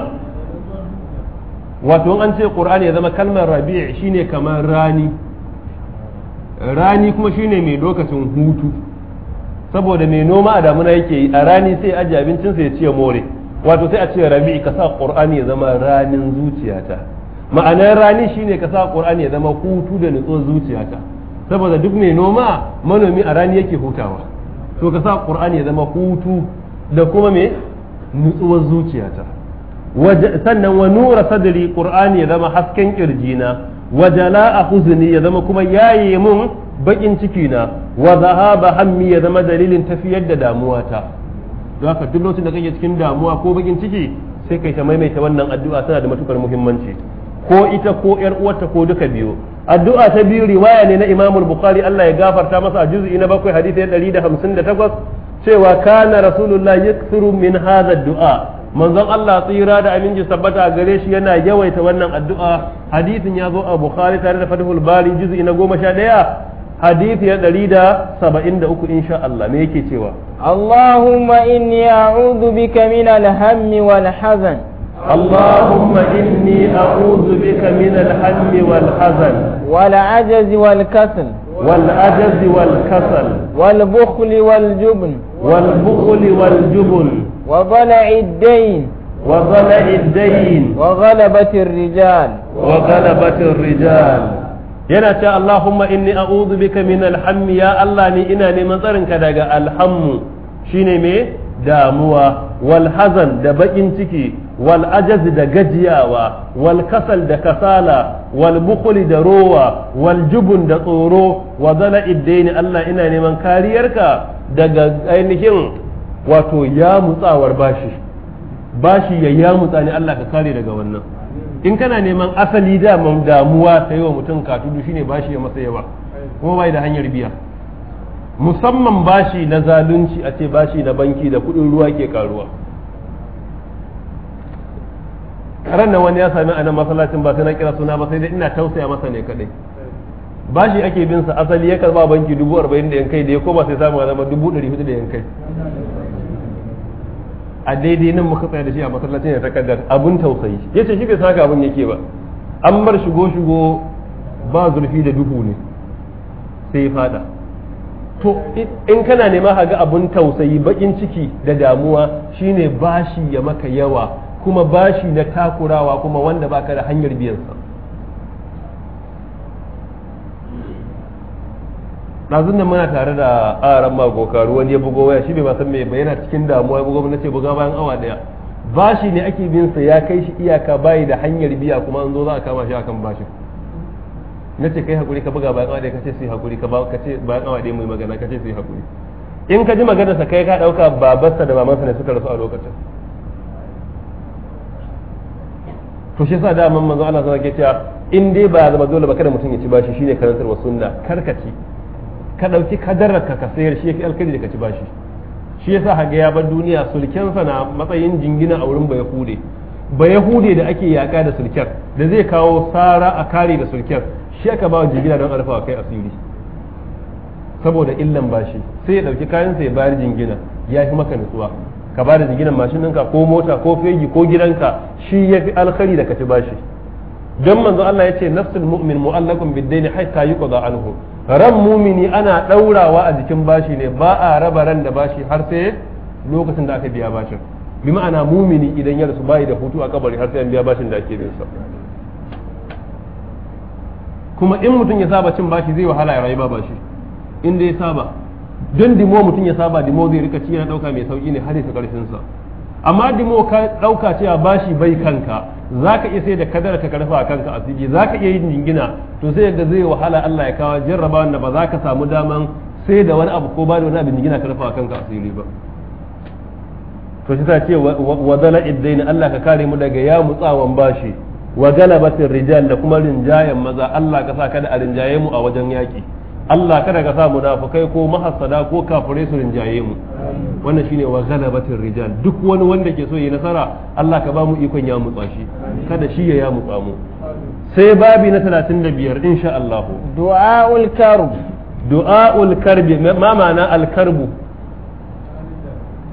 wato an ce qur'ani ya zama kalmar rabi' shine kamar rani rani kuma shine mai lokacin hutu saboda mai noma a damuna yake yi a rani sai aje sai ya ciye more wato sai a ce rabi ka sa qur'ani ya zama ranin zuciyata ma'anar rani shine ka sa qur'ani ya zama hutu da nutsuwar zuciyata saboda duk mai noma manomi a rani yake hutawa to ka sa qur'ani ya zama hutu da kuma me nutsuwar zuciyata sannan wa nura sadri qur'ani ya zama hasken kirjina wa jala'a huzni ya zama kuma yaye mun bakin ciki na wa zahaba hammi ya zama dalilin tafiyar da ta don haka duk lokacin da kake cikin damuwa ko bakin ciki sai kai ta maimaita wannan addu'a tana da matukar muhimmanci ko ita ko yar uwarta ko duka biyu addu'a ta biyu riwaya ne na Imam Bukhari Allah ya gafarta masa a juz'i na bakwai hadisi 158 cewa kana rasulullahi yakthuru min hadha du'a manzon Allah tsira da aminci sabbata a gare shi yana yawaita wannan addu'a hadisin ya zo a Bukhari tare da Fathul Bari juz'i na 11 hadisi ya ɗari da saba'in da uku insha Allah me yake cewa Allahumma inni a'udhu bika min alhammi wal hazan اللهم إني أعوذ بك من الهم والحزن والعجز والكسل والعجز والكسل والبخل والجبن والبخل والجبن وضلع الدين وضلع الدين وغلبة الرجال وغلبة الرجال yana ce Allahumma inni a'udhu bika min alhammi ya Allah ni ina neman tsarinka daga alhammu shine me damuwa wal hazan da bakin ciki wal ajaz da gajiyawa wal kasal da kasala wal bukhli da rowa wal jubun da tsoro wa zala iddaini Allah ina neman kariyarka daga ainihin wato ya mutsawar bashi bashi ya ya Allah ka kare daga wannan in kana neman asali daman damuwa sai wa mutum katudu shine bashi ya masa yawa kuma bai da hanyar biya musamman bashi na zalunci a ce bashi na banki da kudin ruwa ke karuwa karan nan wani ya sami a nan masallacin ba sai na kira suna ba sai dai ina tausaya masa ne kadai bashi ake bin sa asali ya karba banki dubu arba'in da yankai da ya koma sai samu zama dubu ɗari hudu da yankai a daidai nan muka tsaya da shi a masallacin ya takaddar abun tausayi yace shi bai saka abun yake ba an bar shigo shigo ba zurfi da duhu ne sai fada to in kana nema ka ga abun tausayi bakin ciki da damuwa shine bashi ya maka yawa kuma bashi na takurawa kuma wanda baka da hanyar biyan sa ɗazun nan muna tare da aran magokaru wani ya bugo waya shi bai ma san me yana cikin damuwa ya bugo na ce buga bayan awa daya bashi ne ake bin sa ya kai shi iyaka bayi da hanyar biya kuma an zo za a kama shi akan bashi. na ce kai hakuri ka buga bayan awa daya kace yi hakuri ka ba bayan awa daya mai magana kace yi hakuri in ka ji magana sa kai ka ɗauka babarsa da mamansa ne suka rasu a lokacin to shi yasa da manzo Allah ana alaihi ke cewa in dai ba zama dole ba kada mutum ya ci bashi shine karantar wa sunna karkaci ka ɗauki kadarar ka ka sayar shi fi alkali da ka ci bashi shi yasa ga ya bar duniya sulkensa na matsayin jingina a wurin hude ya hude da ake yaƙa da sulken da zai kawo sara a kare da sulken shi aka ba jingina don alfawa kai asiri saboda illan bashi sai ya ɗauki kayansa ya bayar jingina ya fi maka nutsuwa ka ba da jinginan mashin ɗinka ko mota ko fegi ko gidanka shi ya fi alkhari da ka ci bashi don manzo Allah ya ce nafsul mu'min mu'allakun bid-dayn hatta yuqda anhu ran mumini ana ɗaurawa a jikin bashi ne ba a raba ran da bashi har sai lokacin da aka biya bashin bi ma'ana mumini idan ya rasu bayi da hutu a kabari har sai an biya bashin da ake bin sa kuma in mutum ya saba cin bashi zai wahala ya rayu ba bashi in dai ya saba don dimo mutum ya saba dimo zai rika ci yana dauka mai sauki ne har ya karshen sa amma dimo ka dauka cewa bashi bai kanka zaka iya sai da kadara ka karfa kanka asiri zaka iya yin jingina to sai yadda zai wahala Allah ya kawo jarraba wanda ba za ka samu daman sai da wani abu ko ba da wani abu jingina karfa kanka asiri ba to shi ta ce wa zala iddaini Allah ka kare mu daga ya mutsawan bashi wa galabatir rijal da kuma rinjayen maza Allah ka sa kada a rinjaye mu a wajen yaki Allah kada ka sa munafukai ko mahassada ko kafirai su rinjaye mu wannan shine wa galabatir rijal duk wani wanda ke so ya nasara Allah ka ba mu ikon ya mutsa shi kada shi ya ya mutsa mu sai babi na 35 insha Allah du'aul karb du'aul karb ma ma'ana al karbu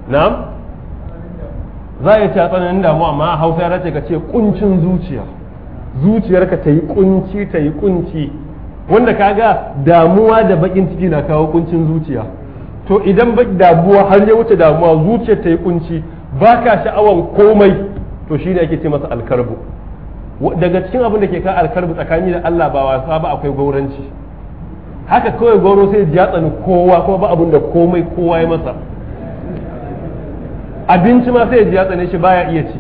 na'am za ya ce a tsananin damuwa amma hausa ya ce ka ce kuncin zuciya zuciyarka ta yi kunci ta yi kunci wanda ka ga damuwa da bakin ciki na kawo kuncin zuciya to idan damuwa har ya wuce damuwa zuciyar ta yi kunci ba ka sha'awan komai to shi ne ake ce masa alkarbu daga cikin abin da ke kawo alkarbu tsakani da Allah ba wasa ba akwai gauranci haka kawai gauro sai ya tsani kowa kuma ba abin da komai kowa ya masa abinci ma sai ya tsane shi baya iya ci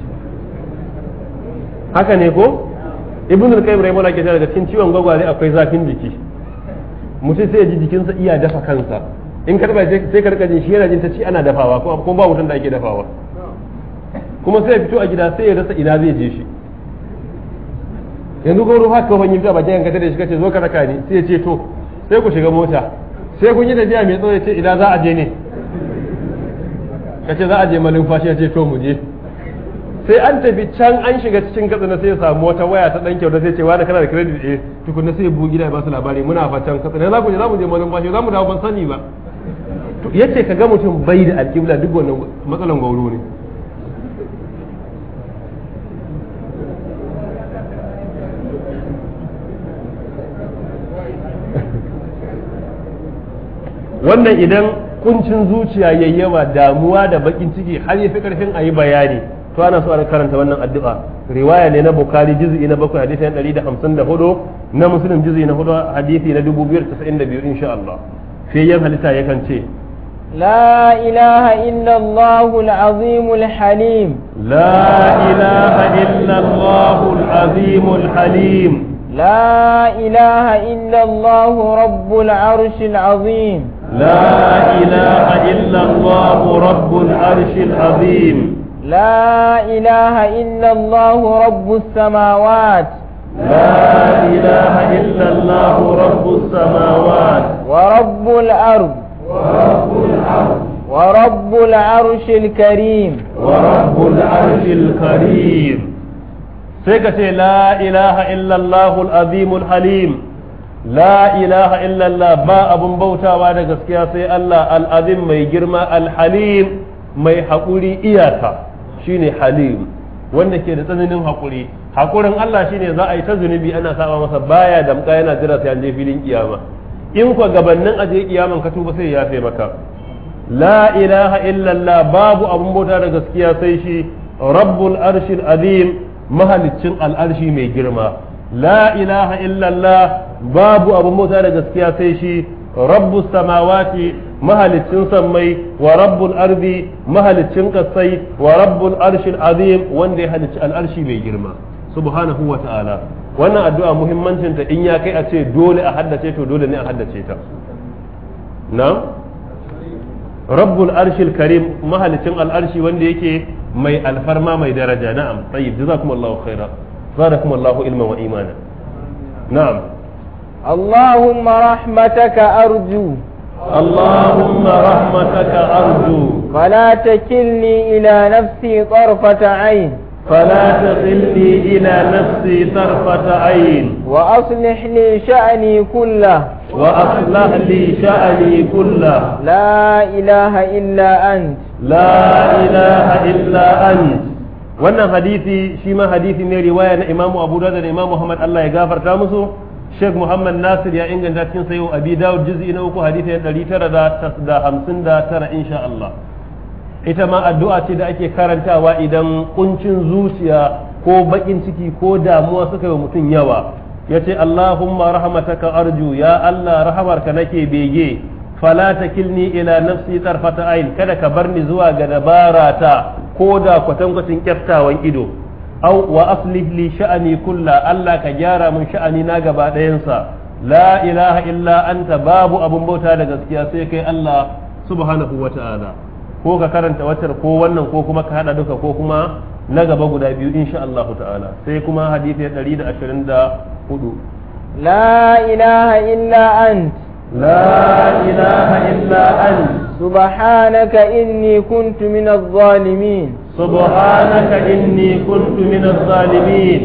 haka ne ko ibn al-qayyim rahimahullah ke daga cin ciwon gwagware akwai zafin jiki mutum sai ya ji jikinsa iya dafa kansa in karba sai ka rika jin shi yana jin ta ci ana dafawa kuma ba mutum da ake dafawa kuma sai ya fito a gida sai ya rasa ina zai je shi yanzu goro haka wani fita bakin yanka da shi kace zo ka raka ni sai ya ce to sai ku shiga mota sai kun yi tafiya mai tsawo ya ce ina za a je ne kace za a je malin fashi ya ce to mu je sai an tafi can an shiga cikin na sai ya samu wata waya ta dan kyauta sai ce wani kana da credit eh tukunna sai bu gida ba su labari muna fatan ne za ku je za mu je malin bashi za mu dawo ban sani ba yace ka ga mutum bai da alƙibla duk wannan matsalan gauro ne wannan idan kuncin zuciya yayyawa damuwa da bakin ciki har ya fi karfin a yi bayani to ana so ana karanta wannan addu'a riwaya ne na bukari juz'i na bakwai hadisi na ɗari da hamsin da hudu na muslim juz'i na hudu hadisi na dubu biyar da biyu insha Allah fiyayyen halitta yakan ce لا إله إلا الله العظيم الحليم لا إله إلا الله العظيم الحليم لا إله إلا الله رب العرش العظيم لا إله إلا الله رب العرش العظيم لا إله إلا الله رب السماوات لا إله إلا الله رب السماوات ورب الأرض ورب الأرض ورب العرش الكريم ورب العرش الكريم سيكتي لا إله إلا الله العظيم الحليم لا إله إلا الله ما أبن بوتا وانا قسكيا سي الله العظيم ما يجرم الحليم ما يحقولي إياتا shine halim wanda ke da tsananin hakuri hakurin Allah shine za a yi ta zunubi ana saba masa baya damka yana jira sai an je filin kiyama in ko gabannin aje kiyaman ka tuba sai ya fe maka la ilaha illallah babu abun bauta da gaskiya sai shi rabbul arshil azim mahaliccin al'arshi mai girma la ilaha illallah babu abun bauta da gaskiya sai shi rabbus samawati mahalicin sammai wa rabbul ardi mahalicin kasai wa rabbul arshil azim wanda ya halicci al'arshi mai girma subhanahu wa ta'ala wannan addu'a muhimmancin ta in ya kai a ce dole a haddace to dole ne a haddace ta na rabbul arshil karim mahalicin al'arshi wanda yake mai alfarma mai daraja na'am tayyib jazakumullahu khaira zadakumullahu ilman wa imana na'am اللهم رحمتك أرجو اللهم رحمتك أرجو فلا تكلني إلى نفسي طرفة عين فلا تكلني إلى نفسي طرفة عين وأصلح لي شأني كله وأصلح لي شأني كله لا إله إلا أنت لا إله إلا أنت wannan hadisi shi ma hadisi ne riwaya na Imam Abu Dawud da Imam Muhammad Allah ya gafarta musu Sheikh Muhammad Nasir ya inganta cikin sayo Abi Dawud juz'i na uku hadisi ya 959 insha Allah ita ma addu'a ce da ake karantawa idan kuncin zuciya ko bakin ciki ko damuwa suka yi mutum yawa yace Allahumma rahmataka arju ya Allah rahamarka nake bege fala takilni ila nafsi tarfata ayn kada ka barni zuwa ga dabarata ko da kwatankwacin kyaftawan ido أو وأصلح لي شأني كلا ألا كجارة من شأني ناقبا دينسا لا إله إلا أنت باب أبو بوتا لغسكيا سيكي الله سبحانه وتعالى ko ka karanta watar ko wannan ko kuma ka hada duka ko kuma na gaba guda biyu insha Allah ta'ala sai kuma hadisi 124 la ilaha illa ant la ilaha illa ant subhanaka inni kuntu minadh zalimin subhanaka inni kuntu min zalimin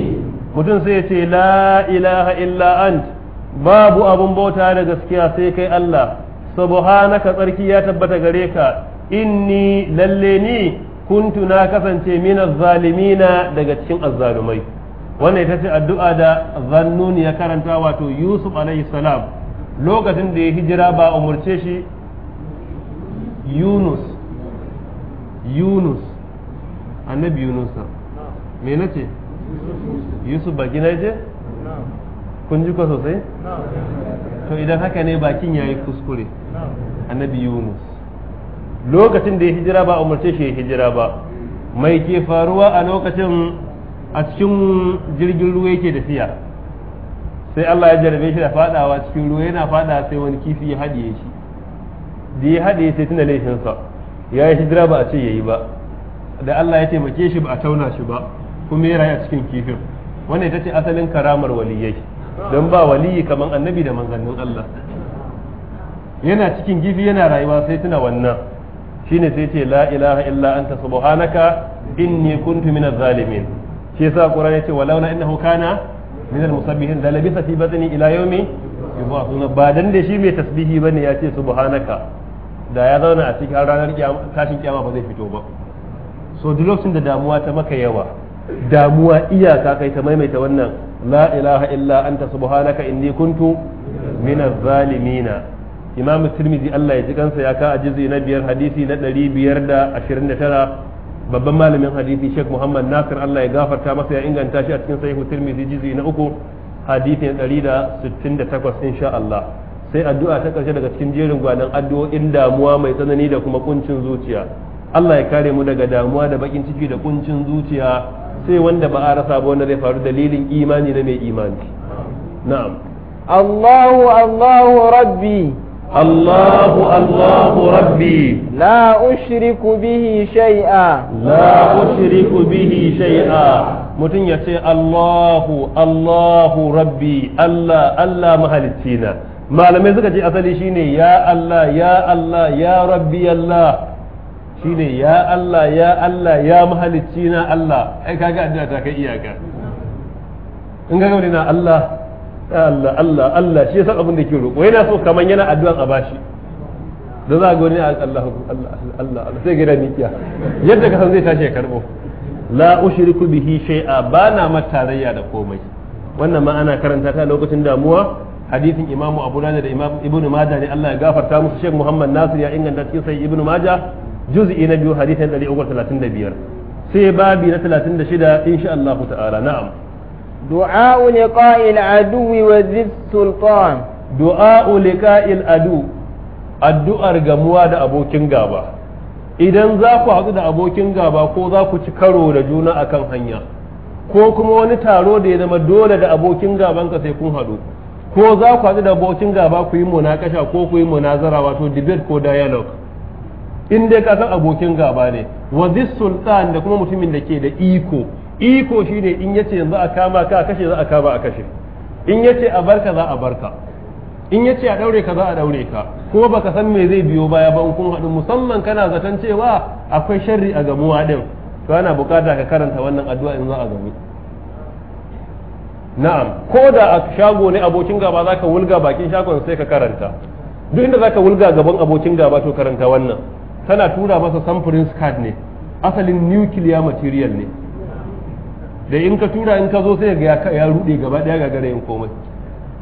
mutum sai ce la ilaha illa ant babu abun bauta da gaskiya sai kai Allah subhanaka tsarki ya tabbata gare ka inni lalle ni kuntu na kasance min zalimina daga cikin azzalumai wannan ita ce addu'a da zannun ya karanta wato Yusuf alaihi salam lokacin da ya hijira ba umurce shi Yunus Yunus annabi yunusa me na ce yusuf baki na je kun ji ko sosai to idan haka ne bakin yayi kuskure annabi yunus lokacin da ya hijira ba umarce shi ya hijira ba mai ke faruwa a lokacin a cikin jirgin ruwa yake tafiya sai Allah ya jarabe shi da fadawa cikin ruwa yana fada sai wani kifi ya haɗiye shi da ya haɗiye sai tuna laifinsa ya yi hijira ba a ce ya yi ba da Allah ya taimake shi ba a tauna shi ba kuma ya rayu a cikin kifin wanda ita ce asalin karamar waliyai don ba waliyi kamar annabi da manzannin Allah yana cikin kifi yana rayuwa sai tuna wannan shine sai ce la ilaha illa anta subhanaka inni kuntu minaz zalimin shi yasa qur'ani yace walauna innahu kana minal musabbihin da labisa fi batni ila yawmi yub'athuna ba dan da shi mai tasbihi bane yace subhanaka da ya zauna a cikin ranar tashin kiyama ba zai fito ba so duk lokacin da damuwa ta maka yawa damuwa iyaka kai ta maimaita wannan la ilaha illa anta subhanaka inni kuntu min zalimina imam tirmidhi Allah ya ji kansa ya ka ajizi na biyar hadisi na 529 babban malamin hadisi Sheikh Muhammad Nasir Allah ya gafarta masa ya inganta shi a cikin sahihu tirmidhi jizi na uku hadisi na 168 insha Allah sai addu'a ta karshe daga cikin jerin gwanan addu'o'in damuwa mai tsanani da kuma kuncin zuciya Allah ya kare mu daga damuwa da bakin ciki da kuncin zuciya sai wanda ba a rasa ba wanda zai faru dalilin imani na mai imani. Na'am. Allahu Allahu Rabbi. Allahu Allahu Rabbi. La ushriku bihi shay'a. La ushriku bihi shay'a. Mutum ya ce Allahu Allahu Rabbi Allah Allah mahalicci na. Malamai suka ce asali shine ya Allah ya Allah ya Rabbi Allah. shine ya Allah ya Allah ya mahalicci na Allah ai kaga addu'a ta kai iyaka in ga gauri na Allah ya Allah Allah Allah shi yasa abin da ke roƙo yana so kaman yana addu'a a bashi da za ga wani ah, Allah Allah Allah Allah sai gida mikiya yadda ka san zai tashi ya karbo la ushriku bihi shay'a bana matarayya da komai wannan ma ana karanta ta lokacin damuwa hadisin imamu abu da imam ibnu majah ne Allah ya gafarta musu shek muhammad nasir ya inganta cikin sai ibnu majah juz'i na biyu hadisin 335 sai babi na 36 insha Allah ta'ala na'am du'a liqa'il adu wa zid sultan du'a liqa'il adu addu'ar gamuwa da abokin gaba idan za ku haɗu da abokin gaba ko za ku ci karo da juna akan hanya ko kuma wani taro da ya zama dole da abokin gabanka sai kun haɗu ko za ku haɗu da abokin gaba ku yi munakasha ko ku yi munazara wato debate ko dialogue in dai ka san abokin gaba ne wa sultan da kuma mutumin da ke da iko iko shine in yace yanzu a kama ka a kashe za a kama a kashe in yace a barka za a barka in yace a daure ka za a daure ka kuma baka san me zai biyo baya ba kun hadu musamman kana zaton cewa akwai sharri a gamuwa din to ana bukata ka karanta wannan addu'a in za a gamu na'am ko da a shago ne abokin gaba zaka wulga bakin shagon sai ka karanta duk inda zaka wulga gaban abokin gaba to karanta wannan tana tura masa samfurin scad ne asalin nuclear material ne da in ka tura in ka zo sai ga ya rude gaba daya ga gare yin komai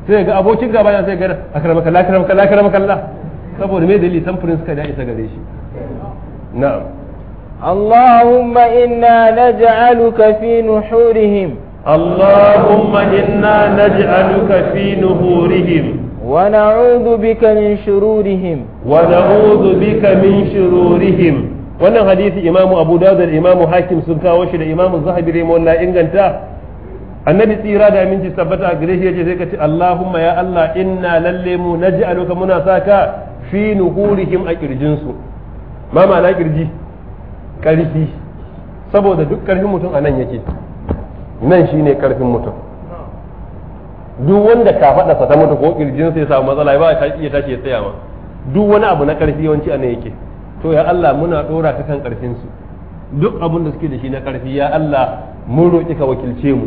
sai ga abokin gaba ya sai ga akramaka la akramaka la akramaka la saboda me dalili samfurin scad ya isa gare shi na'am اللهم إنا نجعلك في نحورهم اللهم إنا نجعلك في نحورهم ونعوذ بك من شرورهم ونعوذ بك من شرورهم wannan hadisi imamu abu dawud da imamu hakim sun kawo shi da imamu zahabi rahimahullah inganta annabi tsira da aminci tabbata a gare shi yace sai ka ce allahumma ya allah inna lalle mu naj'aluka muna saka fi nuhurihim a kirjin su ma ma'ana kirji karfi saboda duk karfin mutum anan yake nan shine karfin mutum duk wanda ka faɗa sa ta mutu ko kirjin sai samu matsala ba ta iya tashi ya tsaya duk wani abu na karfi yawanci a nan yake to ya Allah muna dora ka kan karfin su duk abun da suke da shi na karfi ya Allah mun roki ka wakilce mu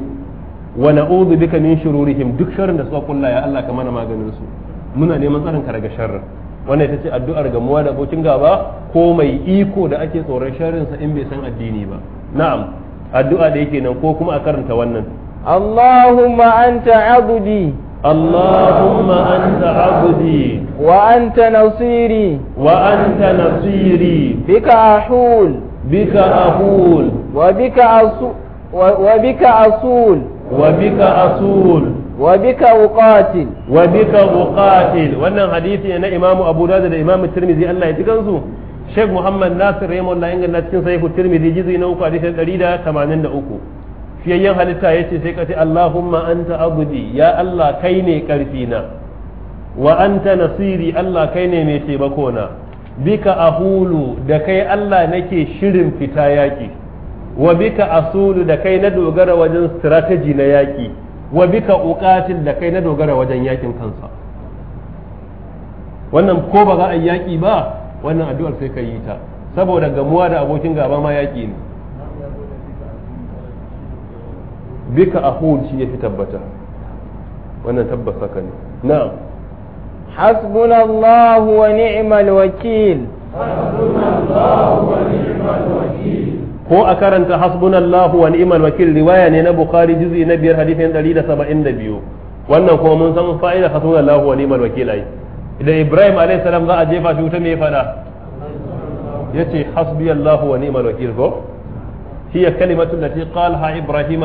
wa na'udhu bika min shururihim duk sharrin da suka kulla ya Allah ka mana maganin su muna neman tsarin ka daga sharrin wannan ita ce addu'ar ga muwa da bokin gaba ko mai iko da ake tsoron sharrin sa in bai san addini ba na'am addu'a da yake nan ko kuma a karanta wannan اللهم أنت عبدي اللهم أنت عبدي وأنت نصيري وأنت نصيري بك أحول بك أحول وبك أصول وبك أصول وبك أصول وبك أقاتل وبك أقاتل wannan hadisi na Imam Abu Dawud da Imam Tirmidhi Allah ya tikan su Sheikh Muhammad Nasir Rahimahullah ingan na cikin Sahih Tirmidhi jizi na uku hadisi 183 fiyayyen halitta ya ce sai ka ce Allahumma anta abudi ya Allah kai ne ƙarfina wa anta nasiri Allah kai ne mai na bika ahulu da kai Allah nake shirin fita yaƙi wa bika asulu da kai na dogara wajen strategy na yaƙi wa bika uqatil da kai na dogara wajen yaƙin kansa wannan ko ba za a yaƙi ba wannan addu'ar sai ka yi ta saboda gamuwa da abokin gaba ma yaƙi ne bika ahun shi fi tabbata wannan tabbas haka ne na'am حسبنا الله ونعم الوكيل حسبنا الله ونعم الوكيل ko a karanta hasbunallahu wa ni'mal wakil riwaya ne na bukhari juz'i na biyar hadisin 172 wannan kuma mun san fa'ida hasbunallahu wa ni'mal wakil ai idan ibrahim alayhi za a jefa shi wuta me fada yace hasbiyallahu wa ni'mal wakil ko hiya kalimatu lati qalha ibrahim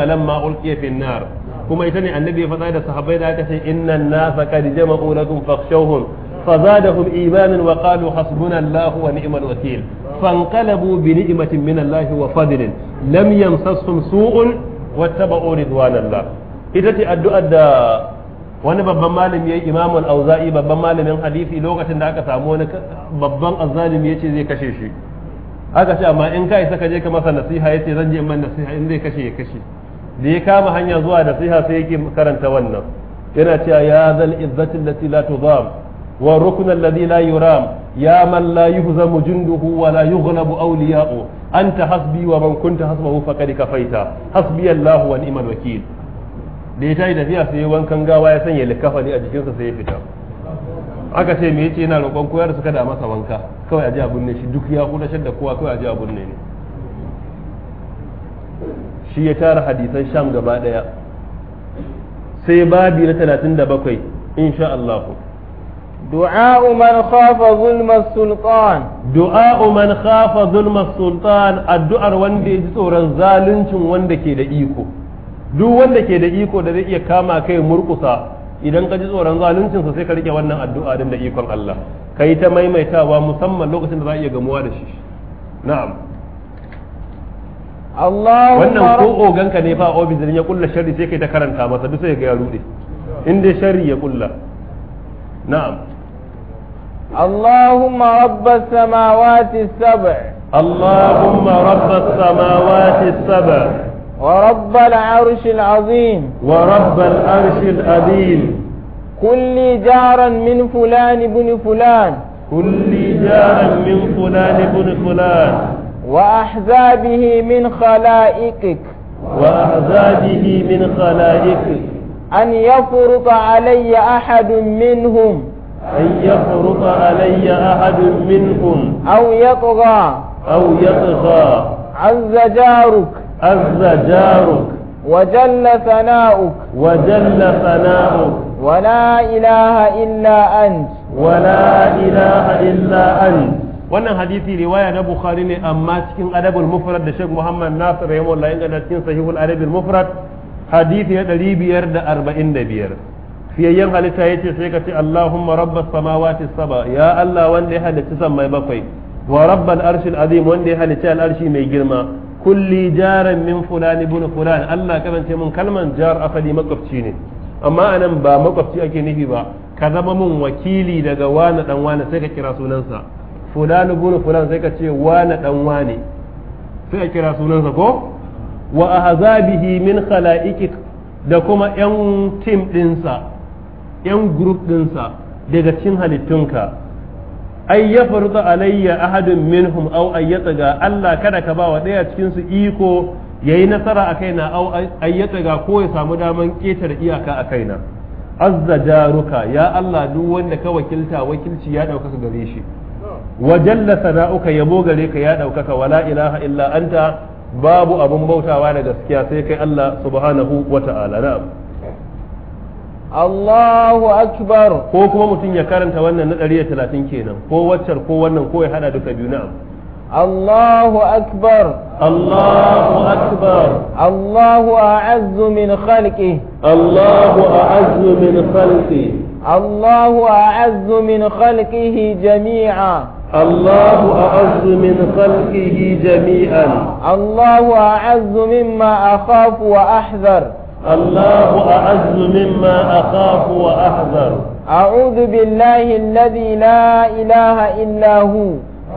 kuma ita ne annabi ya da sahabbai da aka ce innan nasa qad jama'u lakum fakhshawhum فزادهم إيمانا وقالوا حسبنا الله ونعم الوكيل فانقلبوا بنعمة من الله وفضل لم يمسسهم سوء واتبعوا رضوان الله إذا تأدوا wani babban malami ya imamul auza'i babban malamin hadisi lokacin da aka samu wani babban azzalimi ya ce zai kashe shi haka ce amma in ka isa ka je ka masa nasiha yace zan je man nasiha in zai kashe ya kashe da ya kama hanya zuwa nasiha sai yake karanta wannan yana cewa ya zal izzati allati la tudam wa rukn alladhi la yuram ya man la yuhzamu junduhu wa la yughlabu awliya'u anta hasbi wa man kunta hasbahu faqad kafaita hasbi allah wa ni'mal wakil da ya tayi tafiya sai wankan gawa ya sanya likafani a jikinsa sai ya fita aka ce me yace yana roƙon koyar da suka da masa wanka kawai a ji abun ne shi duk ya hudashar da kowa kawai a ji abun ne ne shi ya tara hadisan sham gaba daya sai babi na 37 insha Allah dua من خاف ظلم sultan. dua من خاف ظلم sultan addu'ar wanda ya ji tsoron zaluncin wanda ke da iko duk wanda ke da iko da zai iya kama kai murkusa idan ka ji tsoron zaluncinsa, sai ka rike wannan addu'a din da ikon Allah kai ta maimaitawa musamman lokacin da za a iya gamuwa da shi na'am Allahu wannan ko oganka ne fa ofis ya kulla sharri sai kai ta karanta masa duk sai ga ya rude in dai sharri ya kulla na'am اللهم رب السماوات السبع اللهم رب السماوات السبع ورب العرش العظيم ورب العرش العظيم كل جارا من فلان بن فلان كل جارا من فلان بن فلان وأحزابه من خلائقك وأحزابه من خلائقك أن يفرط علي أحد منهم أن يفرط علي أحد منهم أو يطغى أو يطغى عز جارك عز جارك وجل ثناؤك وجل ثناؤك ولا إله إلا أنت ولا إله إلا أنت wannan hadisi riwaya na bukhari ne amma cikin adabul mufrad da sheikh muhammad nasir rahimahullah inda da cikin sahihul adabul mufrad hadisi na ɗari biyar da arba'in da biyar fiyayyen halitta ya ce sai ka ce allahumma rabbas samawati saba ya allah wanda ya halicci sammai bakwai wa rabbal arshil azim wanda ya halicci al'arshi mai girma kulli jaran min fulan ibn fulan allah kamance mun kalman jar asali makwabci ne amma anan ba makwabci ake nufi ba ka zama mun wakili daga wani dan wani sai ka kira sunansa fulani bunu fulan sai ka ce wani dan wani sai ka kira sunansa ko wa ahzabihi min khala'iqik da kuma yan tim dinsa yan group dinsa daga cikin halittunka ay farza alayya ahadun minhum aw ay yataga Allah kada ka ba wa daya cikin su iko ya yi nasara a kaina au ya ga ko ya samu daman ƙetar iyaka a kaina azza jaruka ya Allah duk wanda ka wakilta wakilci ya ɗaukaka gare shi wa jalla sana'uka ya gare ka ya ɗaukaka wala ilaha illa anta babu abun bautawa da gaskiya sai kai Allah subhanahu wa ta'ala na'am Allahu akbar ko kuma mutum ya karanta wannan na 130 kenan ko waccar ko wannan ko ya hada duka biyu na'am الله أكبر الله أكبر الله أعز من خلقه الله أعز من خلقه الله أعز من خلقه جميعا الله أعز من خلقه جميعا الله أعز مما أخاف وأحذر الله أعز مما أخاف وأحذر أعوذ بالله الذي لا إله إلا هو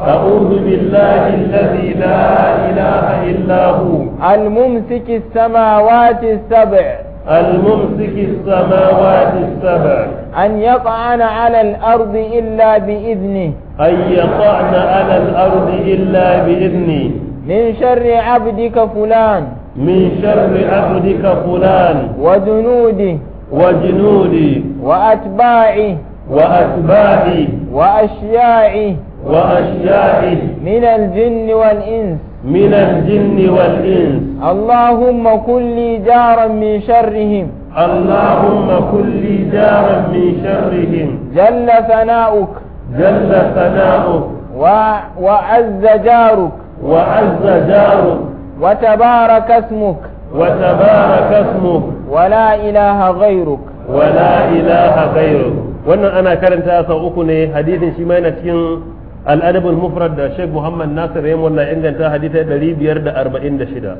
أعوذ بالله الذي لا إله إلا هو الممسك السماوات السبع الممسك السماوات السبع أن يطعن على الأرض إلا بإذنه أن يطعن على الأرض إلا بإذنه من شر عبدك فلان من شر عبدك فلان وجنوده وجنودي وأتباعي وأتباعي وأشياعي وأشياعه من الجن والإنس من الجن والإنس اللهم كن لي جارا من شرهم اللهم كن لي جارا من شرهم جل ثناؤك جل ثناؤك وعز جارك وعز جارك وتبارك اسمك وتبارك اسمك ولا إله غيرك ولا إله غيرك وأنا أنا karanta sau uku ne hadisin al'adabul mufrad da sheikh muhammad nasir ya mulla inganta biyar da hadita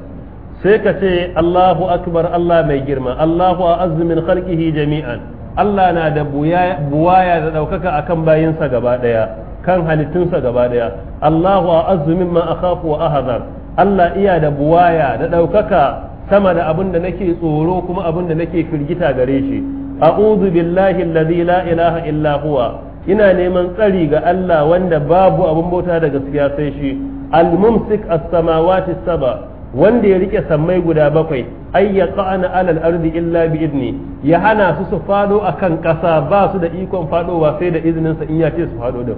546 sai ka ce allahu akbar allah mai girma allahu a azumin khalqihi jami'an allah na da buwaya da ɗaukaka akan bayinsa gaba kan halittunsa gabaɗaya. allahu a azumin ma akhafu wa ahzar allah iya da buwaya da ɗaukaka sama da abin da nake tsoro kuma abin da nake firgita gare shi a'udhu billahi alladhi la ilaha illa ina neman tsari ga Allah wanda babu abin bauta da gaskiya sai shi al-mumsik as-samawati saba wanda ya rike sammai guda bakwai ay yaqana alal ardi illa bi idni ya hana su su fado akan kasa ba su da ikon fadowa sai da izinin sa in ya ce su fado din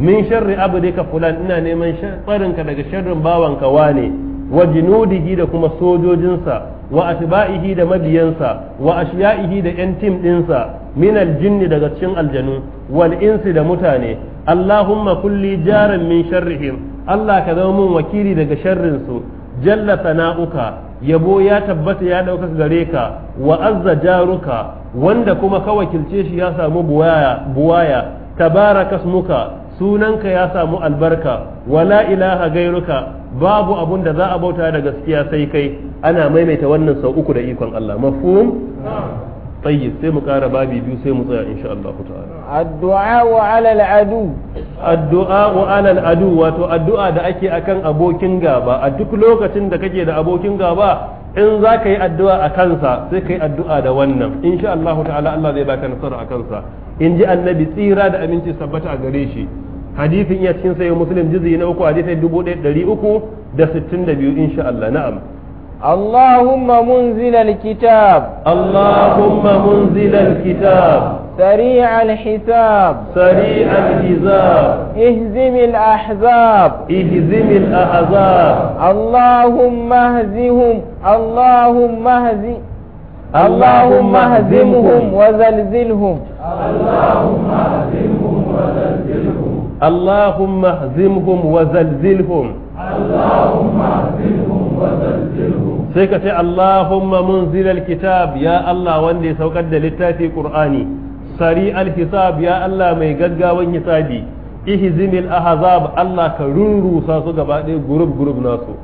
min sharri abdika fulan ina neman tsarinka daga sharrin bawanka wane wa jinudihi da kuma sojojinsa wa atba'ihi da mabiyansa wa ashiya'ihi da yan tim dinsa min aljinni daga cikin aljanu wal insi da mutane allahumma kulli jaran min sharrihim allah ka zama min wakili daga sharrin su jalla sana'uka yabo ya tabbata ya dauka gare ka wa jaruka wanda kuma ka wakilce shi ya samu buwaya buwaya tabaraka smuka sunanka ya samu albarka wala ilaha gairuka babu abun da za a bauta da gaskiya sai kai ana maimaita wannan sau uku da ikon Allah mafhum tayyib sai mu ƙara babi biyu sai mu tsaya insha Allah ta'ala addu'a wa alal adu addu'a wa alal adu wato addu'a da ake akan abokin gaba a duk lokacin da kake da abokin gaba in za ka yi addu'a a kansa sai ka yi addu'a da wannan insha Allah ta'ala Allah zai baka nasara a kansa in ji annabi tsira da abinci sabbata a gare shi hadithin iya cikin sayo muslim na uku dubu ɗaya ɗari uku da sittin da biyu insha Allah na'am اللهم منزل الكتاب اللهم منزل الكتاب سريع الحساب سريع الحساب اهزم الأحزاب اهزم الأحزاب اللهم اهزهم اللهم اهزم اللهم اهزمهم وزلزلهم اللهم اهزمهم وزلزلهم اللهم اهزمهم وزلزلهم اللهم اهزمهم وزلزلهم سيكة اللهم منزل الكتاب يا الله واندي سوكد للتاتي قرآني سريع الحساب يا الله مي قدقا وانحسابي ihzim al-ahzab Allah ka rurrusa su gaba ɗaya gurub nasu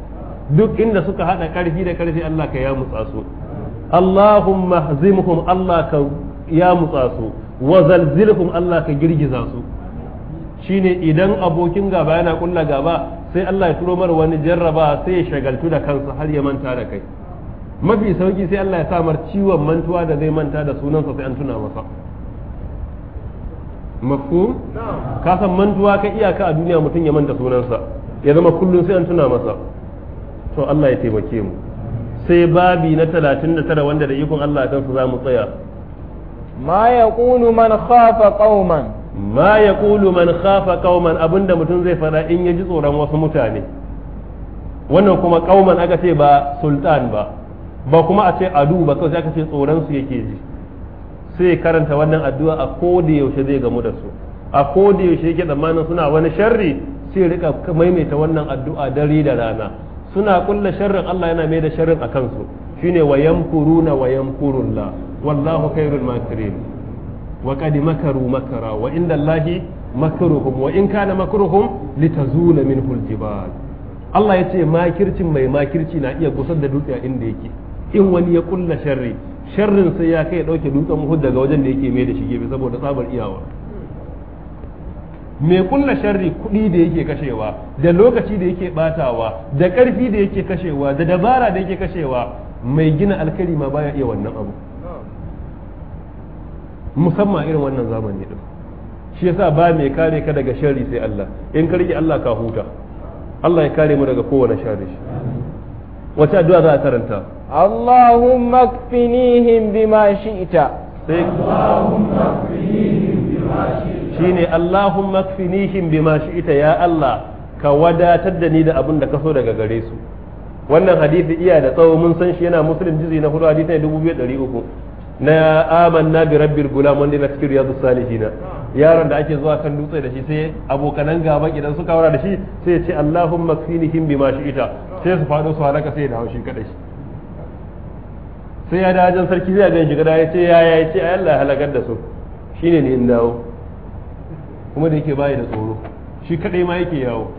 duk inda suka hada karfi da karfi Allah ka yamutsa su Allahumma hazimhum Allah ka yamutsa su wa zalzilhum Allah ka girgiza su shine idan abokin gaba yana kulla gaba sai Allah ya turo mara wani jarraba sai ya shagaltu da kansa har ya manta da kai mafi sauki sai Allah ya samar ciwon mantuwa da zai manta da sunansa sai an tuna masa mafhum ka san mantuwa ka iyaka a duniya mutum ya manta sunansa ya zama kullum sai an tuna masa to Allah ya taimake mu sai babi na 39 wanda da ikon Allah kansu za mu tsaya ma yaqulu man khafa qauman ma ya ƙulu man khafa kauman abinda mutum zai faɗa in ya ji tsoron wasu mutane wannan kuma kauman aka ce ba sultan ba ba kuma a ce adu ba kawai aka ce tsoron su yake ji sai karanta wannan addu'a a da yaushe zai gamu da su a da yaushe yake tsammanin suna wani sharri sai rika maimaita wannan addu'a dare da rana suna kulla sharrin Allah yana mai da sharrin a kansu shine wayamkuruna wayamkurullah wallahu khairul makirin wa makaru makara wa inda allahi makruhum wa in kana makruhum litazula minhu aljibal Allah ya ce makircin mai makirci na iya gusar da dutse a inda yake in wani ya kulla sharri sharrin sai ya kai ya dauke dutsen muhud daga wajen da yake mai da shi gefe saboda tsabar iyawa mai kulla sharri kuɗi da yake kashewa da lokaci da yake batawa da ƙarfi da yake kashewa da dabara da yake kashewa mai gina alkali ma baya iya wannan abu musamman irin wannan zamani din shi yasa ba mai kare ka daga sharri sai Allah in ka rike Allah ka huta Allah ya kare mu daga kowane sharri wace addu'a za a karanta Allahumma kfinihim bima shi'ta Allahumma kfinihim bima shi'ta shine Allahumma kfinihim bima shi'ta ya Allah ka wadatar da ni da abin da ka so daga gare su wannan hadisi iya da tsawo mun san shi yana muslim jizi na hudu hadisi ne 2300 na aman na bi rabbil gulam wanda na cikin riyadu salihina yaron da ake zuwa kan dutse da shi sai abokanan gaba idan suka wara da shi sai ya ce allahumma kfinihim bima shi'ita sai su faɗo su halaka sai ya dawo shi kadai sai ya da wajen sarki sai ya gan shiga da ya ce ya ya ce ay Allah halakar da su shine ne in dawo kuma da yake bayi da tsoro shi kadai ma yake yawo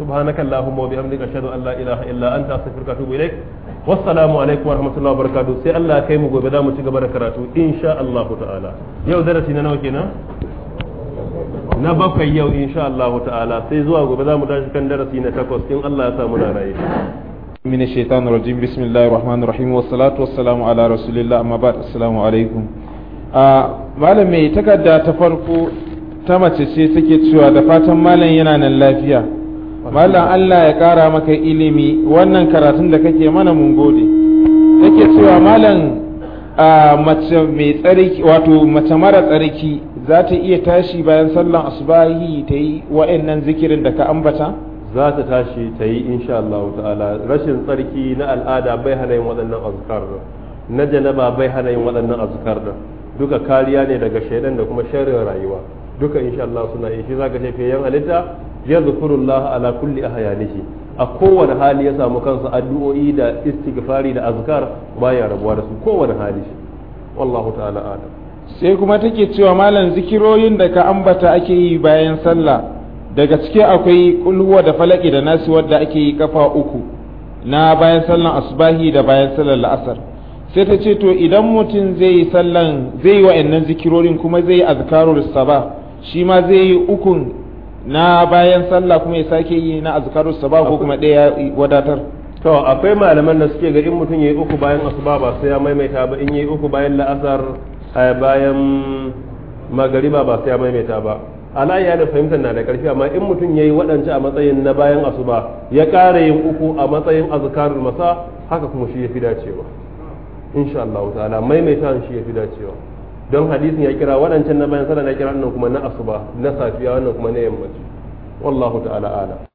سبحانك اللهم وبحمدك أشهد أن لا إله إلا أنت أستغفرك وأتوب إليك والسلام عليكم ورحمة الله وبركاته سي الله كيمو غوبدا مو ci gaba da karatu insha Allah ta'ala yau darasi na nawa kenan na bakwai yau insha Allah ta'ala sai zuwa gobe za mu tashi kan darasi na takwas in Allah ya sa muna raye من الشيطان الرجيم بسم الله الرحمن wa والصلاة والسلام على رسول الله أما بعد السلام عليكم malam mai takarda ta farko ta mace ce take cewa da fatan malam yana nan lafiya Mallam Allah ya kara maka ilimi wannan karatun da kake mana mun gode take cewa mallan mace mai tsariki wato mace mara tsariki za ta iya tashi bayan sallan asubahi ta yi wa'annan zikirin da ka ambata za ta tashi ta yi insha Allah ta'ala rashin tsarki na al'ada bai hana yin waɗannan azkar na janaba bai hana yin waɗannan azkar duka kariya ne daga shaidan da kuma sharrin rayuwa duka insha Allah suna yi shi zaka ce yan halitta yazkurullah ala kulli ahyanihi a kowane hali ya samu kansa addu'o'i da istighfari da azkar baya rabuwa da su kowane hali shi wallahu ta'ala ala sai kuma take cewa malam zikiroyin da ka ambata ake yi bayan sallah daga ciki akwai kulwa da falaki da nasi wadda ake yi kafa uku na bayan sallan asbahi da bayan sallan la'asar sai ta ce to idan mutum zai yi sallan zai yi wa'annan zikirorin kuma zai yi azkarul sabah shi ma zai yi ukun na bayan sallah kuma ya sake yi na azkarus saba ko kuma ɗaya wadatar to akwai malaman da suke ga in mutum yayi uku bayan asuba ba sai ya maimaita ba in yayi uku bayan la'asar bayan magariba ba sai ya maimaita ba ala ya da fahimtar na da karfi amma in mutum yayi waɗance a matsayin na bayan asuba ya ƙara yin uku a matsayin azkarul masa haka kuma shi yafi dacewa insha Allah ta'ala maimaita shi yafi dacewa don hadisin ya kira waɗancan na bayan sallah na kira wannan kuma na asuba na safiya wannan kuma na yammaci wallahu ta'ala ala